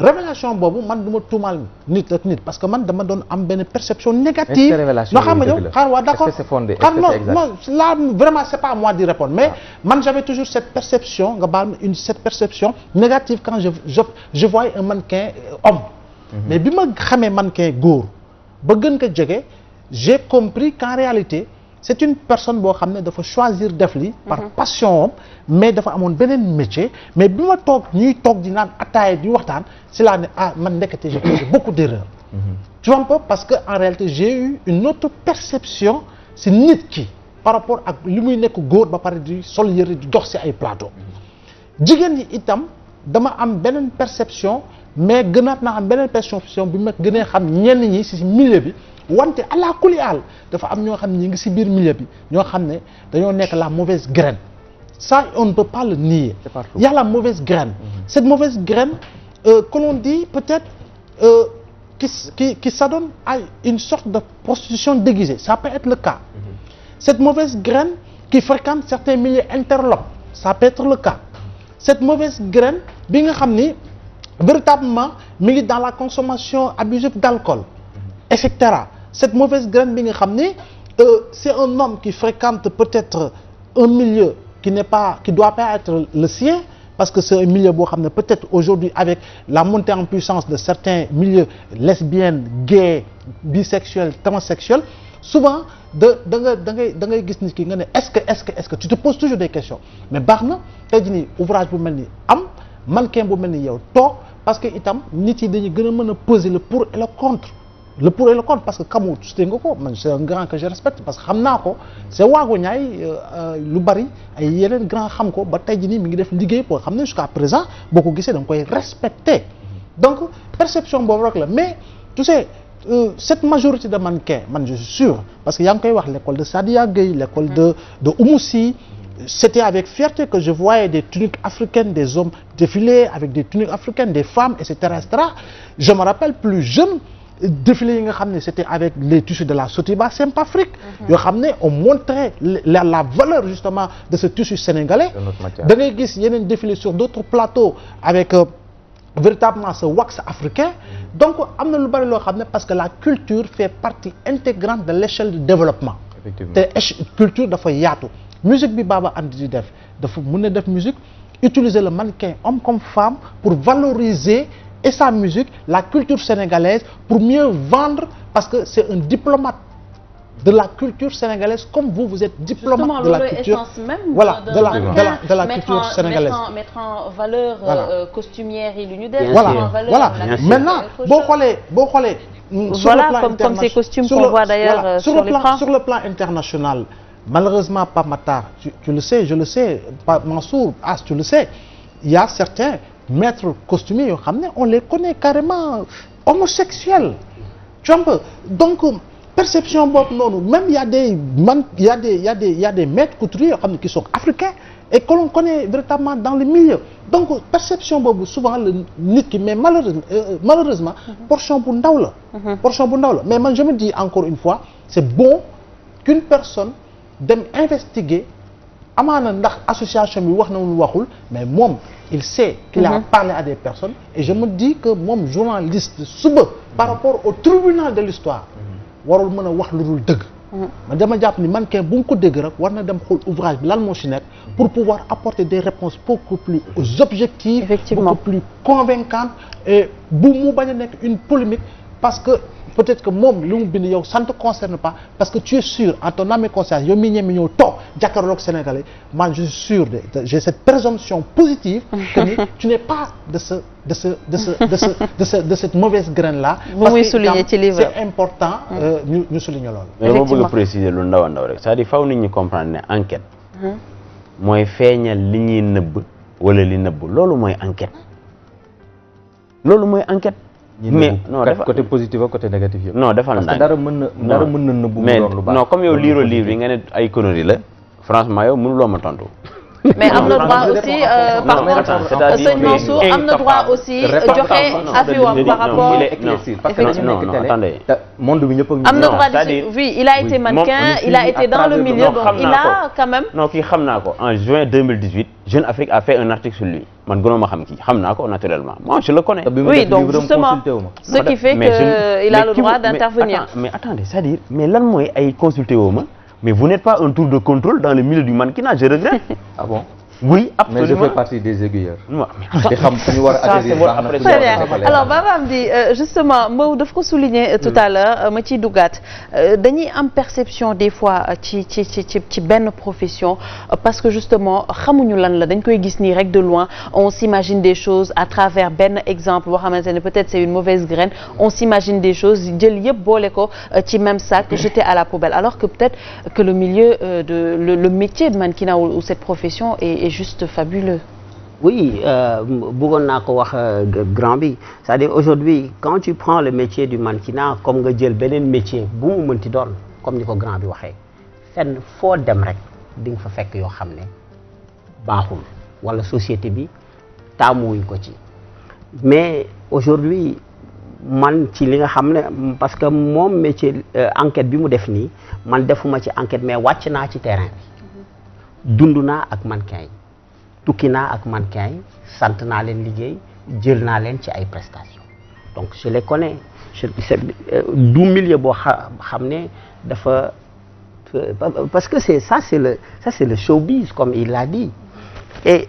révélation boobu man du ma tuumaal nit ak nit parce que man dama doon am benn perception négative noo xam ne yow xaar waa d' accord xaar non non là vraiment mais ah. man j'avais toujours cette perception nga baal ma une cette perception négative quand je je je voyais un mannequin euh, homme mhm. mais bi ma xamee mannequin góor ba gën ko jege j'ai compris qu'en réalité c'est une personne boo xam ne dafa choisir def li mhm. par passion am mais dafa amoon beneen métier mais bi ma toog ñuy toog di naan di waxtaan c'est là ne ah man ndekete j'ai fait beaucoup d'erreurs mhm. tu vois parce que en réalité j'ai eu une autre perception si nit ki par rapport ak li muy nekk góor ba pare di sol yëre di dox si ay plateau mhm. jigéen ñi itam dama am beneen perception mais gënaat naa am beneen perception bi ma gënee xam ñenn ñi si milieu bi wante àla kuli àll dafa am ñoo xam ne ñi ngi si biir milieu bi ñoo xam ne dañoo nekk la mauvaise graine ça on ne peut pas le nier il y la mauvaise graine mhm. cette mauvaise euh, que l'on dit peut-être euh, qui, qui, qui s'adonne à une sorte de prostitution déguisée. Ça peut être le cas. Mm -hmm. Cette mauvaise graine qui fréquente certains milieux interlopes, ça peut être le cas. Cette mauvaise graine, bi nga xam ni véritablement mi ngi dans la consommation abusive d'alcool, mm-hmm. et cetera. Cette mauvaise graine bi nga xam ni euh, c'est un homme qui fréquente peut-être un milieu qui n'est pas qui doit pas être le sien. parce que c'est un milieu boo xam ne peut-être aujourd'hui avec la montée en puissance de certains milieux lesbiennes gays bisexuels transsexuels souvent da da nga da ngay da ngay gis nit ki nga ne est-ce que est-ce que est-ce que tu toujours des questions mais baax na tey jii nii ouvrage bu mel ni am mannequin bu mel ni yow toog parce que itam nit yi dañuy gën a mën a peser le pour et le contre le pour et le parce que kamu sute nga ko man c'est naa ko waago ñaay euh, euh, lu bari ay yeneen grand xam ko ba tey jii nii mi ngi def liggéey boo xam ne jusqu'à présent boo ko gisee da koy respecter donc perception boobu rek la mais tu sais Euh, cette majorité de mannequins man je suis parce que yaa ngi koy wax l'école de Sadia Gueye l'école de de Oumoussi c'était avec fierté que je voyais des tuniques africaines des hommes défiler avec des tuniques africaines des femmes et cetera et cetera je me rappelle plus défilé yi nga xam ne c'était avec les tissus de la Sotiba Simpafric mhm. yoo xam ne on montrait la valeur justement de ce tissu sénégalais da ngay gis yeneen défilé sur d'autres plateaux avec euh, véritablement ce wax africain mhm. donc am na lu bari loo xam ne parce que la culture fait partie intégrante de l'échelle de développement te culture dafa yaatu musique bi Baba Andi di def dafa mun def musique utiliser le mannequin homme comme femme pour valoriser et sa musique la culture sénégalaise pour mieux vendre parce que c'est un diplomate de la culture sénégalaise comme vous vous êtes diplomate Justement, de la culture même voilà de, de, la, de, la, de la de la mettre culture en, sénégalaise mettre en, mettre en valeur euh, voilà. euh, costumière yi lu ñu def voilà voilà maintenant boo xoolee boo xoolee mm, sur le plan comme comme ces costumes qu'on voit d'ailleurs euh, sur le plan sur le plan international malheureusement Pape Matar tu, tu le sais je le sais Pape Mansour As ah, tu le sais il y a certains maître costumier yoo xam ne on les connaît carrément homosexuels tu vois donc perception boobu noonu même y a man y a des y a des y a des couturiers yoo xam ne qui sont africains et que l'on connaît véritablement dans le milieu donc perception boobu souvent la nit ki mais malheureusement euh, euh, malheureusement mhm. portion bu ndaw la mhm. portion bu ndaw la mais man je me encore une fois c'est bon qu'une personne dem investiguer amaana ndax association bi wax na mu waxul mais moom il sait qu'il a mm-hmm. parlé à des personnes et je me dis que moom journaliste suba par mm-hmm. rapport au tribunal de l'histoire mm-hmm. warul mën a wax lu dul dëgg man dama jàpp ni man kenn bu nga ko dégg rek war na dem xool ouvrage bi lan moo ci nekk pour pouvoir apporter des réponses beaucoup plus objectives beaucoup plus convaincantes et bu mu bañ a nekk une polémique parce que peut-être que moom li mu bind yow ça ne te concerne pas parce que tu es sûr en ton âme et conscience yow mii ñeme ñëw toog jàkkaarloog Sénégalais man je suis sûr de j'ai cette présomption positive que ni tu n'es pas de ce de ce de ce de ce de ce de cette mauvaise graine là. parce que c'est important. Mm. Euh, ñu ñu souligner loolu. mais dama bëgg a préciser lu ndaw a ndaw rek c'est-à-dire faw nit ñi comprendre ne enquête. Mm-hmm. mooy feeñal li ñuy nëbb wala li nëbb loolu mooy enquête. loolu mooy enquête. mais non dafa côté positif ak côté négatif yëpp. non defal naa dara mën na dara mën na nëbbu. mais non comme yow liiroo livre yi nga ne ay conneries la franchement yow mënuloo ma tontu. mais am na droit aussi euh, par contre sëñ Mansour euh, am na droit aussi euh, joxe avis bi ñëpp am na droit il a été mannequin il a été dans le milieu donc il a quand même non kii xam naa ko en juin 2018 Jeune Afrique a fait un article sur lui man gënoon ma xam kii xam naa ko naturellement moi je le connais. oui donc justement ce qui fait que il a le droit d'intervenir mais attendez cest dire mais lan mooy ay consulté woo mais vous n'êtes pas un tour de contrôle dans le milieu du mannequinat je regrette ah bon oui absolument mais je fais partie des aiguilleurs. a atterrir baax na très bien alors Babam di euh, justement Mbow daf ko souligner euh, tout mm. à l'heure euh, ma ciy duggaat dañuy am perception des fois ci ci ci ci ci benn profession parce que justement xamuñu lan la dañ koy gis nii rek de loin on s'imagine des choses à travers benn exemple boo xamante ne peut-être c'est une mauvaise graine on s'imagine des choses jël yëpp boole ko ci même sac mm. jeté à la poubelle alors que peut-être que le milieu de le, le est juste fabuleux. Oui, euh, Bougonako euh, grand bi. C'est-à-dire aujourd'hui, quand tu prends le métier ci naa comme nga jël beneen métier, bu mu mënti doon, comme ni ko grand bi waxee Fenn foo dem rek di nga fa fekk yoo xam ne baaxul wala société bi taamuwuñ ko ci mais aujourd'hui man ci li nga xam ne parce que moom métier euh, enquête bi mu def nii man defuma ci enquête mais wàcc naa ci terrain bi mm-hmm. dund naa ak mannequin yi tukki naa ak mannequin yi sant naa leen liggéey jël naa leen ci ay prestations donc je les connais je euh, du milieu boo xam ne dafa euh, parce que c'est ça c'est le ça c'est comme il l'a dit et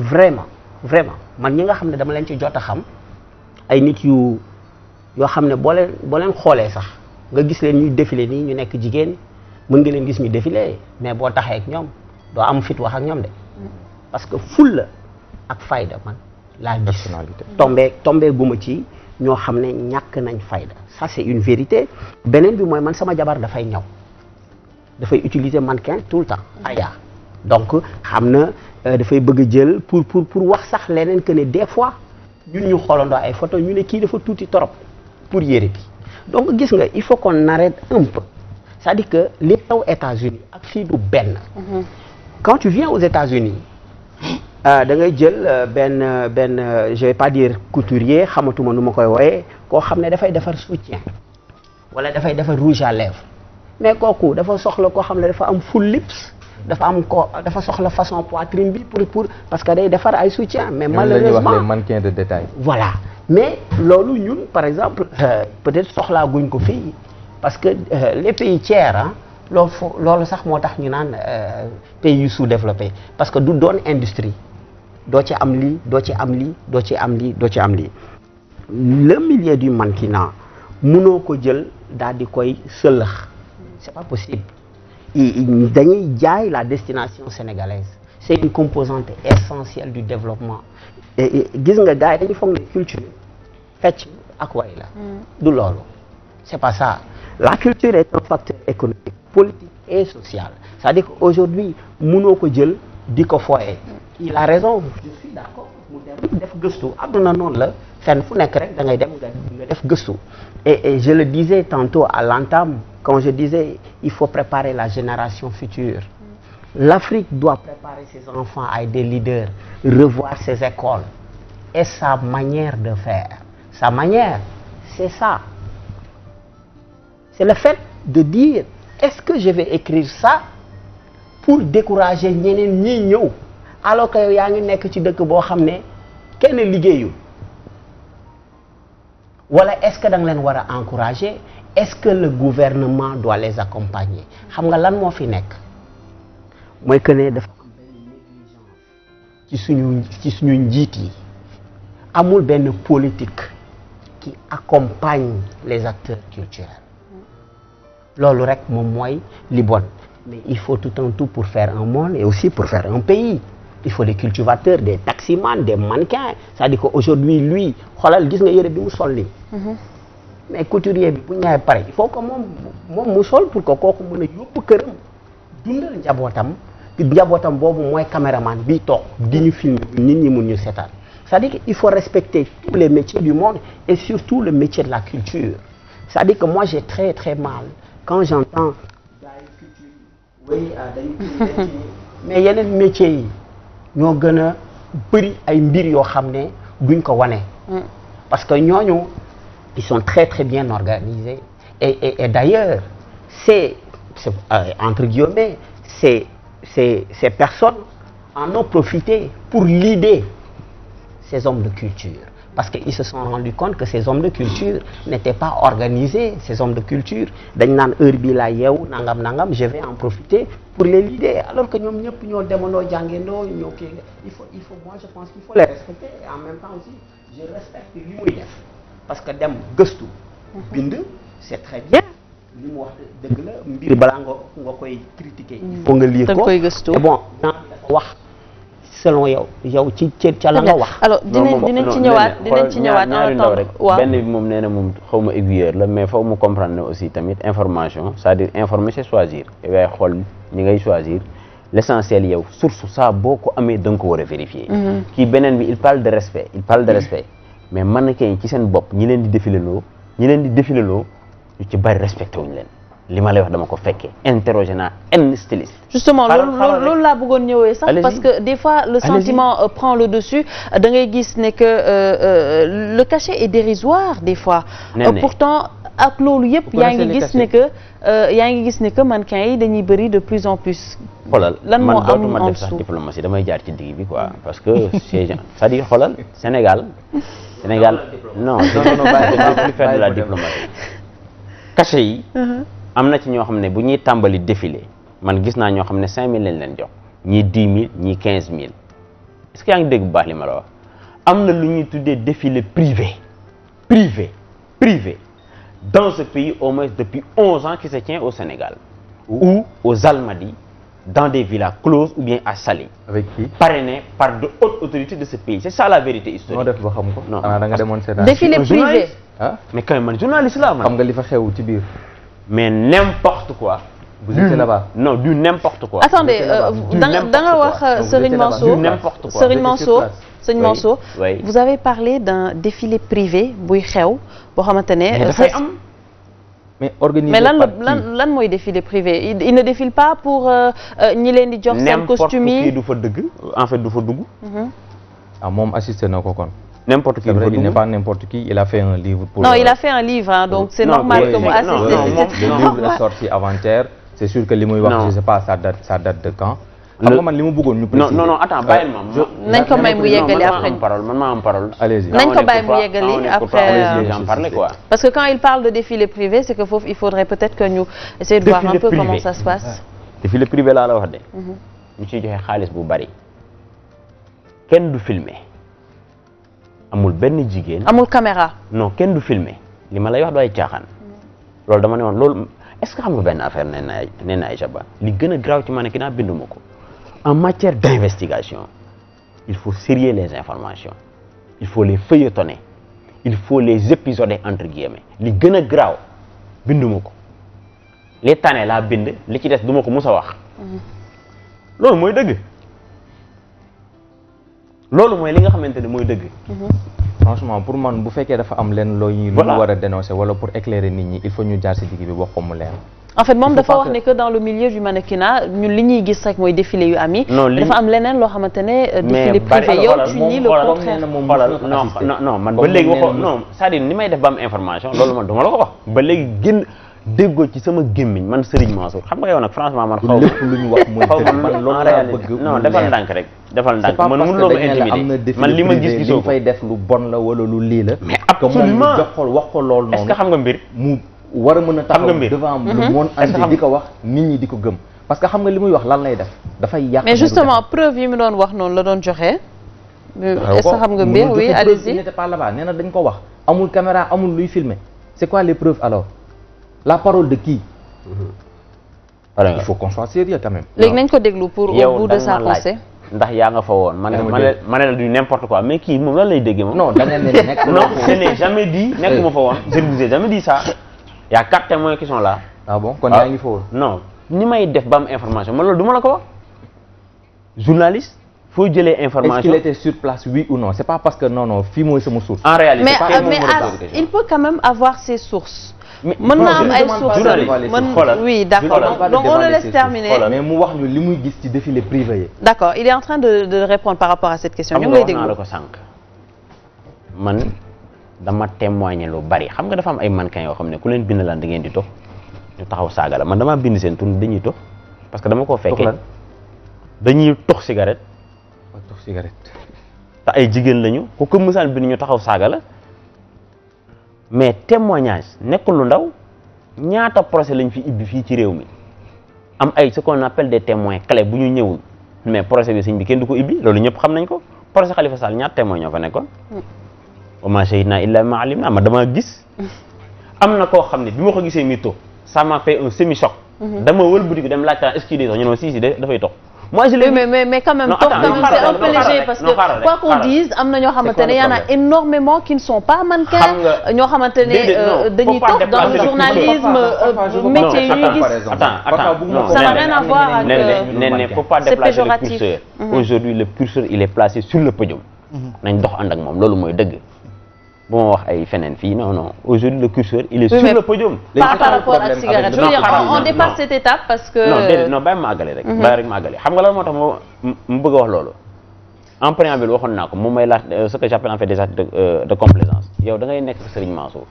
vraiment vraiment man ñi nga xam ne dama leen ci jot a xam ay nit yu yoo xam ne boo leen boo leen xoolee sax nga gis leen ñuy défilé nii ñu nekk jigéen mën nga leen gis ñu défilé mais boo taxee ak ñoom doo am fit wax ak ñoom de parce que fulla ak fayda man laa gis tombe tombe guma ci ñoo xam ne ñàkk nañ fayda ça c'est une vérité beneen bi mooy man sama jabar dafay ñaw dafay utiliser man mannequin tout le temps aya donc xam na euh, dafay bëgg a jël pour pour pour wax sax leneen que ne des fois ñun ñu xoolandoo ay photo ñu ne kii dafa tuuti torop pour yére bi donc gis nga il faut qu'on arrête un peu cest à que li taw États-Unis ak fii du benn mm-hmm. quand tu viens aux États-Unis Euh, da ngay jël euh, benn benn euh, je vais pas dire couturier xamatuma nu ma koy wooyee koo xam ne dafay defar soutien wala dafay defar rouge à lèvres mais kooku dafa soxla koo xam ne dafa am full lips dafa am ko dafa soxla façon poitrine bi pour pour parce que day defar ay soutien mais malheureusement les mannequins de détail voilà mais loolu ñun par exemple peut-être soxlaa guñ ko fii parce que les pays tiers loolu loolu sax moo tax ñu naan euh, pays yu sous-développé parce que du doon industrie doo ci am lii doo ci am lii doo ci am lii doo ci am lii le milieu du mannequinat mënoo ko jël daal di koy sëlëx c'est pas possible dañuy jaay la destination sénégalaise c'est une composante essentielle du développement gis nga gars yi dañu foog ne culture fecc ak way la mm. du loolu c'est pas ça la culture est un facteur économique politique et social c'est-à-dire que aujourd'hui mënoo ko jël di ko fooye il a raison d'accord mu def gëstu àdduna noonu la fenn fu nekk rek da ngay dem nga def gëstu et et je le disais tantôt à l'entame quand je disais il faut préparer la génération future l'Afrique doit préparer ses enfants à des leaders revoir ses écoles et sa manière de faire sa manière c'est ça C'est le fait de dire est-ce que je vais écrire ça pour décourager ñeneen ñi ñëw alors que yaa ngi nekk ci dëkk boo xam ne kenn liggéeyu wala est-ce que da leen war a encourager est-ce que le gouvernement doit les accompagner xam nga lan moo fi nekk mooy que ne dafa ci suñu ci suñu njiit yi amul benn politik qui accompagne les acteurs culturels loolu rek moom mooy li bon mais il faut tout un pour faire un monde et aussi pour faire un pays il faut des cultivateurs des man des mannequins c'est-à-dire que aujourd'hui lui xoolal gis nga yére bi mu sol nii mhm. mais couturier bi bu ñëwee pare il faut que moom moom mu sol pour que kooku mën a yóbbu këram dundal njabootam njabootam boobu mooy caméraman bi to di film nit ñi mun ñu seetaan c'est-à-dire que il faut respecter tous les métiers du surtout le métier la culture c'est-à-dire quand j'entends mais yeneen métiers yi ñoo gën a bëri ay mbir yoo xam ne duñ ko wane mm. parce que ñooñu ils son très très bien organisés et et, et d'ailleurs c'est c'est euh, entre guillemets c'est ces en ont profité pour l'idée ces hommes de culture parce qu'ils se sont rendus compte que ces hommes de culture n'étaient pas organisés ces hommes de culture dañ naan heure bi yew nangam nangam je vais en profiter pour les leaders alors que ñoom ñëpp ñoo demandoo jàngendoo ñoo kii il faut il faut moi je pense qu'il faut les respecter et en même temps aussi je respecte li parce que dem gëstu bind c'est très bien li mu wax selon yow yow ci cër ca la nga wax. alors dinañ dinañ ci ñëwaat dinañ ci ñëwaat ñaari ndaw rek benn bi moom nee na moom xaw ma aiguilleur la mais faw mu comprendre ne aussi tamit information c'est-à-dire informer c'est choisir yow yaay xool ñi ngay choisir l'essentiel yow source saa boo ko amee da nga ko war a vérifier. Mhm. kii beneen bi il parle de respect il parle de respect mais mannequin yi ci seen bopp ñi leen di défiléloo ñi leen di défiléloo ñu ci bari respecté wuñ leen. li ma lay wax dama ko fekke interrogé naa n styliste. justement loolu loolu laa bëggoon ñëwee sax parce que des fois le sentiment euh, prend le dessus da ngay gis ne que euh, euh, le cachet est dérisoire des fois pourtant ak loolu yëpp yaa ngi gis ne que yaa ngi gis ne que mannequin yi dañuy bëri de plus en plus xoolal lan moo am man def sax diplomatie damay jaar ci digg bi quoi parce que c'est c'est-à-dire xoolal Sénégal Sénégal non non non bàyyi plus de la diplomatie cachet yi uh-huh. am na ci ñoo xam ne bu ñuy tàmbali défilé man gis naa ñoo xam ne 5000 lañ leen jox ñii 10000 ñii 15000 est-ce que yaa ngi dégg baax li ma la wax am na lu ñuy tuddee défilé privé privé privé dans ce pays au moins depuis 11 ans qui se tient au Sénégal ou aux Almadies dans des villas closes ou bien à Saly. avec qui parrainé par de hautes autorités de ce pays c'est ça la vérité historique. noo def ba xam ko. défilé privé. Ah? mais quand man journaliste laa man. li fa xew ci biir. mais n'importe quoi. Mmh. quoi. attendez da nga da nga wax Serigne Mansour du n'importe quoi Serigne Mansour Serigne Mansour. vous avez parlé d'un défilé privé buy xew boo xamante ne. mais dafay am. mais organisé lan la lan lan mooy défilé privé il ne défile pas pour euh, euh, ñi leen di jox seen costume yi n'importe qui du fa dëgg en du fa dugg. Mhm. ah moom assisté na ko kon. n'importe qui. il n'est pas n'importe a fait un livre. pour non il a euh, fait un livre donc c'est normal que mu assister non livre est sorti avant-hier c'est sûr que li muy wax je sais pas ça date de quand. li mu bëggoon ñu. non non euh, man maa am parole nañ ko euh, parce que quand il parle de défilé privé c'est que foofu il faudrait peut-être que ñu. essayer de voir un peu comment ça se passe. défilé privé laa la wax de. Mhm. ñu ciy joxe xaalis bu bari kenn du filmer. amul benn jigéen. amul caméra. non kenn du filmer li ma lay wax du ay caaxaan. loolu dama ne woon loolu est-ce que xam nga benn affaire nee naa nee naa Aïcha Ba li gën a grave ci mannequinat binduma ko en matière d'investigation il faut sérier les information il faut les feuilletonner il faut les épisoder entre guillemets li gën a grave binduma ko li tane la bind li ci des duma ko mus a wax. Mm-hmm. loolu mooy dëgg. loolu mooy li nga xamante ne mooy dëgg. Mhm. franchement pour man bu fekkee dafa am lenn loo ñuy. voilà lu war a dénoncer wala pour éclairer nit ñi il faut ñu jaar si digg bi wax ko mu leer. en fait moom dafa wax ne que li ñuy gis rek mooy défilé yu am yi. dafa am leneen loo xamante ne. Euh, défilé privé yow tu ni le contraire non non man ba léegi waxoo non c'est-à-dire ni may def ba am information loolu man duma la ko ba léegi gën. déggoo ci sama gémmiñ man Serigne Mansour xam nga yow nag franchement man. xaw ma lépp lu ñu wax mooy. xaw ma man loolu laa bëgg non defal ndànk rek. defal ndànk man mënuloo ma intimider man li ma gis gisoo ko fay def lu bon la wala lu lii la. mais absolument jox wax ko loolu noonu. est-ce que xam nga mbir war mën a taxaw devant le mm-hmm. monde di ko wax nit ñi di ko gëm parce que xam nga li muy wax lan lay def dafay yàq mais justement preuve yi mu doon wax noonu la doon joxe. Euh, ah, est-ce que xam nga mbir oui allez-y n'était dañ ko wax amul caméra amul luy filmer c'est quoi les preuves alors la parole de qui mm-hmm. il faut qu'on soit sérieux léegi nañ ko déglu pour au de sa pensée ndax yaa nga fa woon. ma ne la du n'importe quoi mais kii moom lan lay déggee moom. non da ngeen ne nekk non ce n'est jamais dit nekk ma je ne vous ai jamais dit ça. y a quatre témoins qui sont ah non ni may def ba m information man loolu du ma la ko wax journaliste. foo jëlee information est-ce qu'il était sur place oui ou non c'est pas parce que non non fii mooy sama source. en réalité mais euh, il peut quand même avoir ses mën naa am ay sources mën oui d'accord donc on le laisse terminer mais mu wax ñu li muy gis ci défilé privé yi d'accord il est en train de de répondre par rapport à cette question ñu ngi lay déglu la ko sànq man dama témoigner lu bari xam nga dafa am ay mannequin yoo xam ne ku leen bind lan da ngeen di tox ñu taxaw saaga la man dama bind seen tur dañuy tox parce que dama koo fekkee dañuy tox cigarette tox cigarette te ay jigéen lañu ku ko mësaan bind ñu taxaw saaga la mais témoignage nekkul lu ndaw ñaata procès lañ fi ibbi fii ci réew mi am ay ce qu'on appelle de témoins clés bu ñu ñëwul mais procès bi sëñ bi kenn du ko ibbi loolu ñëpp xam nañ ko procès Khalifa Sall ñaata témoins ñoo fa nekkoon. Hmm. wa ma shahidna illa ma alim naa ma damaa gis. am na koo xam ne bi ma ko gisee mito ça m'a fait un semi choc. Hmm. dama wëlbatiku dem laajtaan est-ce que ñu ne sax ñu dafay tox moi je mais, mais mais quand même toog quand même c'est un peu léger parce que quoi qu'on dise am na ñoo xamante ne y en a énormément qui ne sont pas mannequins ñoo xamante ne euh, dañuy toog dans le journalisme euh, métier yu ñuy gis ça n'a rien à ak ne euh, faut pas déplacer le curseur mm-hmm. aujourd'hui le curseur il est placé sur le podium mm-hmm. nañ dox ànd ak moom loolu mooy dëgg bu ma wax ay feneen fii non non aujourd'hui le curseur il est oui, sur le par rapport ak cigarette on dépasse cette non déedéet non ma àggale mhm. rek. ma àggale xam nga lan moo tax mu bëgg a wax loolu. en préambule waxoon la euh, ce que j'appelle en fait des actes de euh, de complaisance yow da ngay nekk Serigne Mansour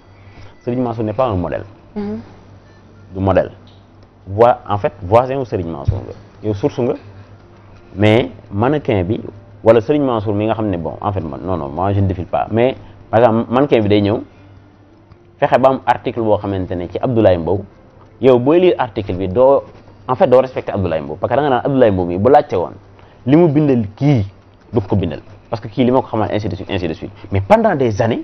Serigne Mansour n'est pas un modèle. Mhm. du modèle. voi en fait voisin wu Serigne Mansour nga yow source nga mais mannequin bi wala Serigne Mansour mi nga xam ne bon en fait man non non moi je ne par exemple mannequin bi day ñëw fexe ba am article boo xamante ne ci Abdoulaye Mbow yow booy lire article bi doo en fait doo respecté Abdoulaye Mbow parce que da nga naan Abdoulaye Mbow mi bu laajte woon li mu bindal kii du ko bindal parce que kii li ma ko xamal ainsi de suite ainsi de suite mais pendant des années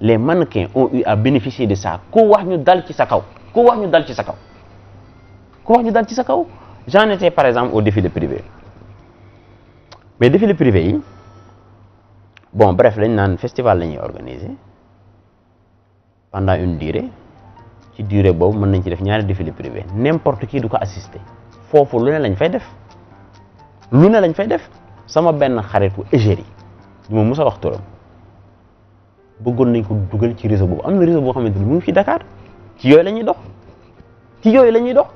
les man ont eu à bénéficier de ça ku wax ñu dal ci sa kaw ku wax ñu dal ci sa kaw ku wax ñu dal ci sa kaw j'en par exemple au defi défilé privé mais défilé privé yi bon bref lañ naan festival la ñuy organiser pendant une durée ci durée boobu mën nañ ci def ñaari défilé privé n'importe qui du ko assister foofu lu ne lañ fay def lu ne lañ fay def sama benn xaritu égérie du ma mës a wax turam bëggoon nañ ko dugal ci réseau boobu am na réseau boo xamante ni mu ngi fi Dakar ci yooyu la ñuy dox ki yooyu la ñuy dox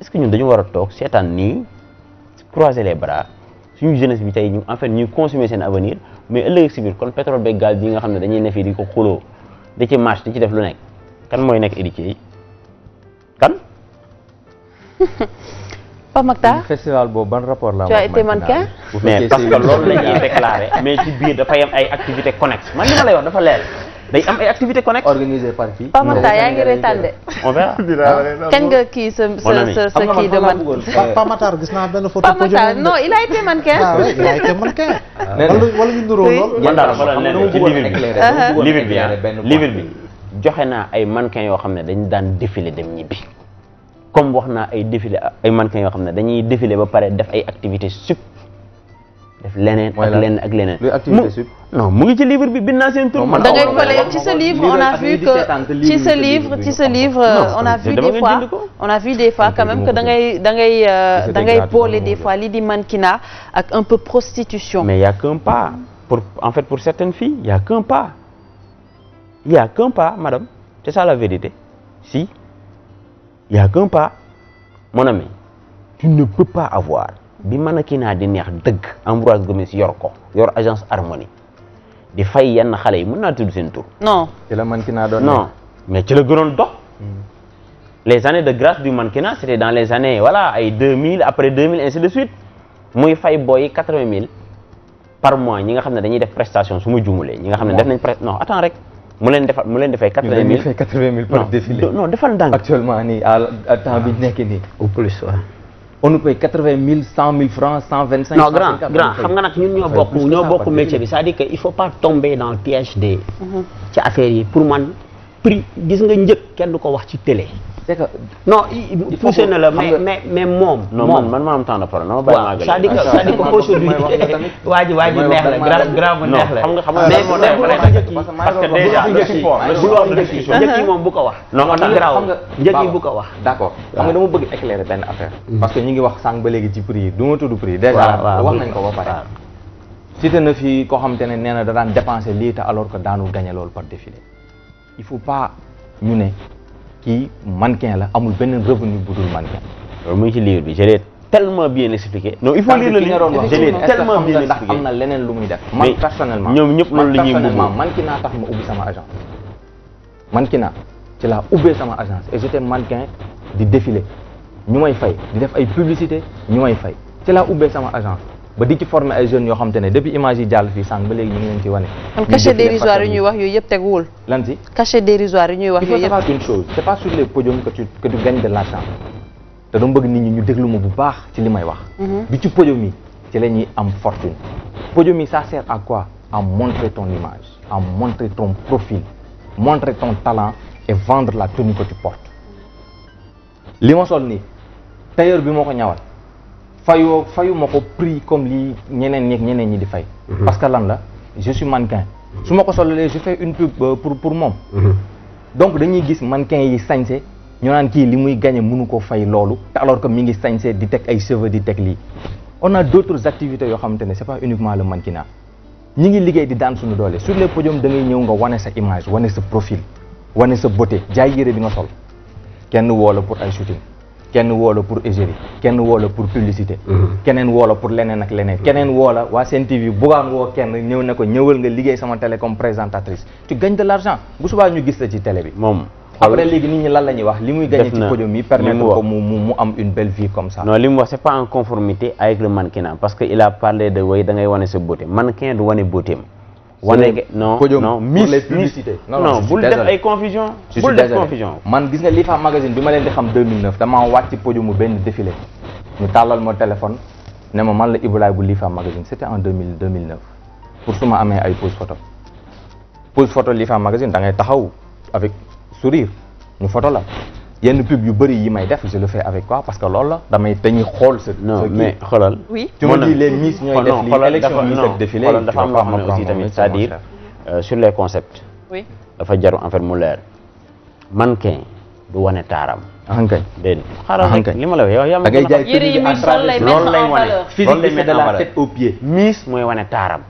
est-ce que ñun dañu war a toog seetaan ni croiser les bras suñu jeunesse bi tey ñu en fait ñuy consommer seen avenir mais ëllëg si biir kon pétrole beeg gaz yi nga xam ne dañuy ne fii di ko xuloo da ci marche da ci def lu nekk kan mooy nekk héritier yi kan. Pape Makhtar festival boobu ban rapport la. tu as été mannequin mais parce que loolu mais ci biir dafa yam ay activité connexes man li ma lay dafa leer. day am ay activités connexes. Pa Makhtar yaa ngi reetaan de. on verra kan kii sa sa sa kii de man. Pa Makhtar gis naa benn photo. Pa a a été mannequin. Ah ah, wala ñu niróo lool. man daal xam ah. bi joxe naa ay mannequin yoo xam ne dañu daan défilé dem ñibbi. comme wax naa ay défilé ay mannequin yoo xam ne dañuy défilé ba pare def ay activité sup def leneen ak leneen ak leneen. luy activité non mu ngi ci livre bi bind naa seen tur. da ngay collé a vu que ci livre ci sa livre on a vu des fois on a vu des fois da ngay da ngay da ngay boole des fois li di mannequinat ak un peu prostitution. mais y a qu'un pour en fait pour certaines filles y a qu'un pas y a qu'un pas madame la vérité si y a qu'un mon ami tu ne peux pas avoir. bi mën a kii naa di neex dëgg Ambroise Gomis yor ko yor agence harmonie di fay yenn xale yi mën naa tudd seen tur. non ci la naa doon non ci la gënoon dox. Hmm. les années de grâce du mannequinat c' était dans les années voilà ay 2000 après 2000 ainsi de suite muy fay booy 80 000 par mois ñi nga xam ne dañuy def prestation su ma jumulee ñi nga xam ne def nañ prestation leen defal leen defay quatre vingt mille quatre vingt mille par défilé non defal ndànk actuellement nii à temps bi nekk nii au plus waaw on nous paye quatre vingt mille cent mille francs cent vingt cinq. non grand grand xam nga nag ñun ñoo bokk ñoo bokk métier bi c'est-à-dire que il faut pas tomber dans le piège des. Mm-hmm. ci affaire yi pour man. prix gis nga njëg kenn du ko wax ci télé. c'est que non na la mais moom. moom man ma am temps de parole na ma bàyyi maa a. c'est-à-dire que waa ji waa ji neex la nga xam nga parce que njëkk yi moom bu ko wax. non non grave njëkk yi bu ko wax. d'accord xam nga dama bëgg éclairer benn affaire. Mm. parce que ñu ngi wax sànq ba léegi ci prix yi du ma tudd prix yi. déjà wax nañ ko ba pare. cité na fii koo xam te ne nee na da daan dépenser lii te alors que daanu gagner loolu par défilé il faut pas ñu ne kii mannequin la amul benn revenu bu dul mannequin. loolu mu ci livre bi je l'ai bien expliqué. non il faut lire le livre je l'ai tellement bien na leneen lu muy def. man personnellement ñoom ñëpp loolu la ñuy man ki naa tax ma ubbi sama agence. ki naa ci laa ubbee sama agence et j'étais mannequin di défilé ñu may fay di def ay publicité ñu may fay ci laa ubbee sama agence. ba di ci former ay jeunes yoo xam te ne depuis image yi jàll fii sànq ba léegi ñu ngi leen ci wane. kon dérisoire yi ñuy wax yooyu yëpp teguwul. lan si cachet dérisoire yi ñuy wax yooyu yëpp. il faut savoir une chose c'est pas sur les podiums que tu que tu gagnes ñi ñu déglu ma bu baax ci li may wax. Mhm. du yi la ñuy am fortune. podium yi ça sert à quoi à montrer ton image à montrer ton profil montrer ton talent et vendre la tenue que tu li ma sol nii tailleur bi moo ko ñawal. fayoo fayu ma ko prix comme lii ñeneen ñeeg ñeneen ñi di fay. Mhm. parce que lan la je suis su ma ko solalee je fais une pub euh, pour pour moom. Mhm. donc dañuy gis mannequin yi sañse ñoo naan kii li muy gagné mënu ko fay loolu te alors que mi ngi sañse di teg ay cheveux di teg lii. on a d' autres activités yoo xamante ne c' est pas uniquement le mannequinat ñi ngi liggéey di daan suñu doole su les podiums da ngay ñëw nga wane sa image wane sa profil wane sa beauté jaay yére bi nga sol kenn woo la pour kenn woola pour égérie kenn woola pour publicité mhm. keneen woo pour leneen ak leneen keneen woo la waa Sen TV bugaan woo kenn ñëw ne ko ñëwal nga liggéey sama télé comme présentatrice tu gagnes de l'argent bu subaa ñu gis la ci télé bi moom après léegi nit ñi lan la ñuy wax li muy gagné ci podium yi permettre ko mu mu am une belle vie comme ça non li mu wax c'est pas en conformité avec le mannequinat parce que il a parlé de way da ngay wane sa beauté mannequin wane beautéem wane non non miss miss non bul def ay confusion bul def confusion man gis nga li fa magazine bi ma leen di xam 2009 damaa wàcc podium benn défilé ñu tàllal ma téléphone ne ma man la Ibulaay bu Lifa magazine c' était en 2000 2009 pour su ma amee ay pose photo pose photo Lifa magazine da ngay taxaw avec sourire ñu photo la yenn pub yu bëri yi may def je le fais avec quoi parce que loolu la damay dañuy xool sa. non mais xoolal. oui tu me dis les miss ñooy def lii élection miss ak défilé xoolal dafa am euh, les concepts. dafa jaru en fait mu leer mannequin du wane taaram. ahankay déedéet xaaral rek li la wax yow yaa ma gën yi wane loolu lay wane la tête aux pieds. miss mooy wane taaram.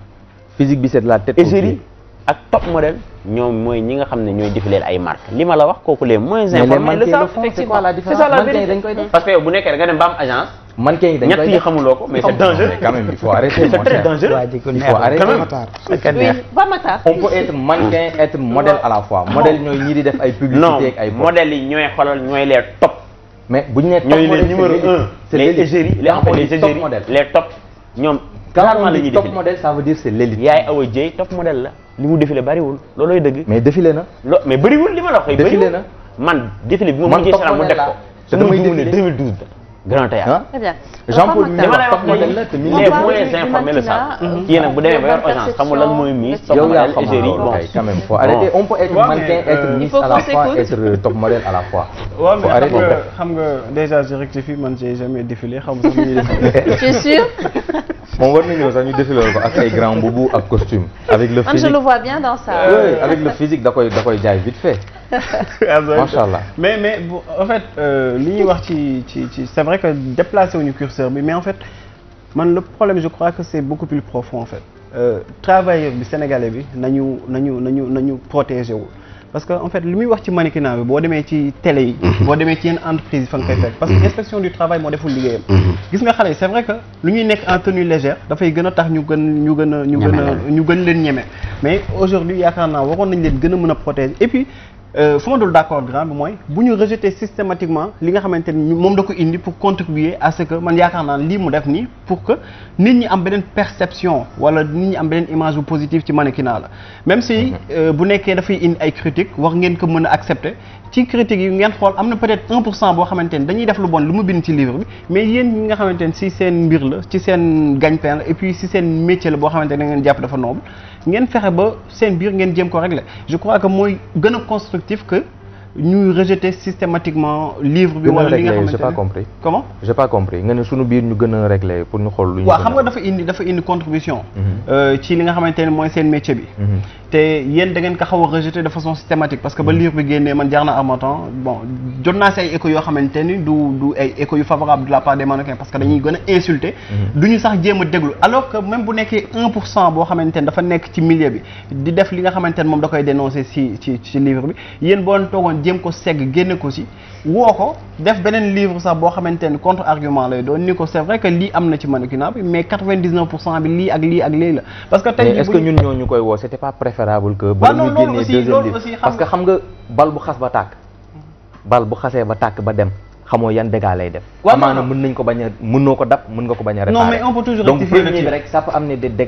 physique bi c'est la tête aux pieds. ak top modèle ñoom mooy ñi nga xam ne ñooy défilé ay marque li ma la wax kooku les moins informés le parce que yow bu nekkee da nga dem ba am agence ñett yi xamuloo ko mais c'est dangereux quand même il faut arrêter c'est très dangereux ñooy ñi di def ay publicité ak ay modèle yi ñooy xoolal ñooy les top ñoom carrément la ñuy défilé yaay Awa Dieye top modèle la li mu défilé bariwul loolooy dëgg mais défilé na lo bariwul li la wax défilé man défilé bi moom mujjee salaam mu def ko su ma juumee 2012 la grand ah. a Jean-Paul mi ngi wax top modèle la te mi ngi moins informé le sax kii mm. nag bu demee ba yor agence xamul lan mooy Miss top modèle égérie bon quand même faut arrêter on euh, euh, top modèle à la fois faut arrêter xam nga déjà je rectifie man j'ai jamais défilé xam sax ñuy défilé tu es sûr moom war na ñëw sax ñu défilé ak ay grand boubou ak costume avec le physique je le vois bien dans ça oui avec le physique da koy da koy jaay vite macha allah mais mais en fait euh, li ñuy wax ci ci ci c'est vrai que déplacé wuñu curseur bi mais en fait man le problème je crois que c'est beaucoup plus profond en fait euh, travailleur bi sénégalais bi nañu nañu nañu nañu ñu wu parce que en fait li muy wax ci mannequinat bi boo demee ci télé yi mhm. boo demee ci en entreprise yi fa nga koy fekk parce que mhm. inspection du travail moo deful liggéeyam mhm. gis nga xale yi c'est vrai que lu ñuy nekk en tenue légère dafay a tax ñu gën ñu gën a ñu ñu gën leen ñeme mais aujourd'hui yaakaar naa waroon nañ leen gën a mën a protéger Euh, fu ma dul d'accord grand bi mooy bu ñu rejeter systématiquement li nga xamante ni moom da ko indi pour contribuer à ce que man yaakaar naa lii mu def nii pour que nit ñi am beneen perception wala nit ñi am beneen image bu positive ci mannequinat la même si mhm. euh, bu nekkee dafay indi ay critiques wax ngeen ko mën a accepter ci critiques yi ngeen xool am na peut-être un pour cent boo xamante ni dañuy def lu bon lu mu bind ci livre bi mais yéen ñi nga xamante si seen mbir la ci seen gagne-pain si seen métier boo xamante ni ngeen jàpp dafa noble ngeen fexe ba seen biir ngeen jéem ko régler je crois que mooy gën a constructif que ñuy rejeter systématiquement livre bi. wala li nga xamante ne j'ai pas compris. comment nga ne sunu biir ñu gën a régler pour ñu xool. lu ñu waaw xam nga dafa indi dafa indi contribution. Mhm. Euh, ci li nga xamante ne mooy seen métier bi. Mhm. te yéen da ngeen ko xaw a rejeté de façon systématique parce que ba mm. livre bi génnee man jaar na armatan bon jot naa si ay échos yoo xamante ni du du ay échos yu favorable de la part des mannequins parce que dañuy mm. gën a insulté mm-hmm. du ñu sax jéem a déglu alors que même bu nekkee un pour cent boo xamante ni dafa nekk ci milieu bi di def li nga xamante ni moom da koy dénoncé si ci ci livre bi yéen boo leen toogoon jéem ko segg génne ko si woo ko def beneen livre sax boo xamante ne contre argument lay doon ni ko c'est vrai que lii am na ci mannequinat bi mais 99 pour cent bi lii ak lii la. parce que tey est-ce ñun ñoo koy woo c'était pas préférable que. ba mu génnee parce que xam nga bal bu xas ba tàkk. bal bu xasee ba tàkk ba dem. xamoo yan dégâts lay def. amaana mën nañ ko bañ a mënoo ko dab mën nga ko bañ a réparer. non donc premier rek ça peut amener des dégâts.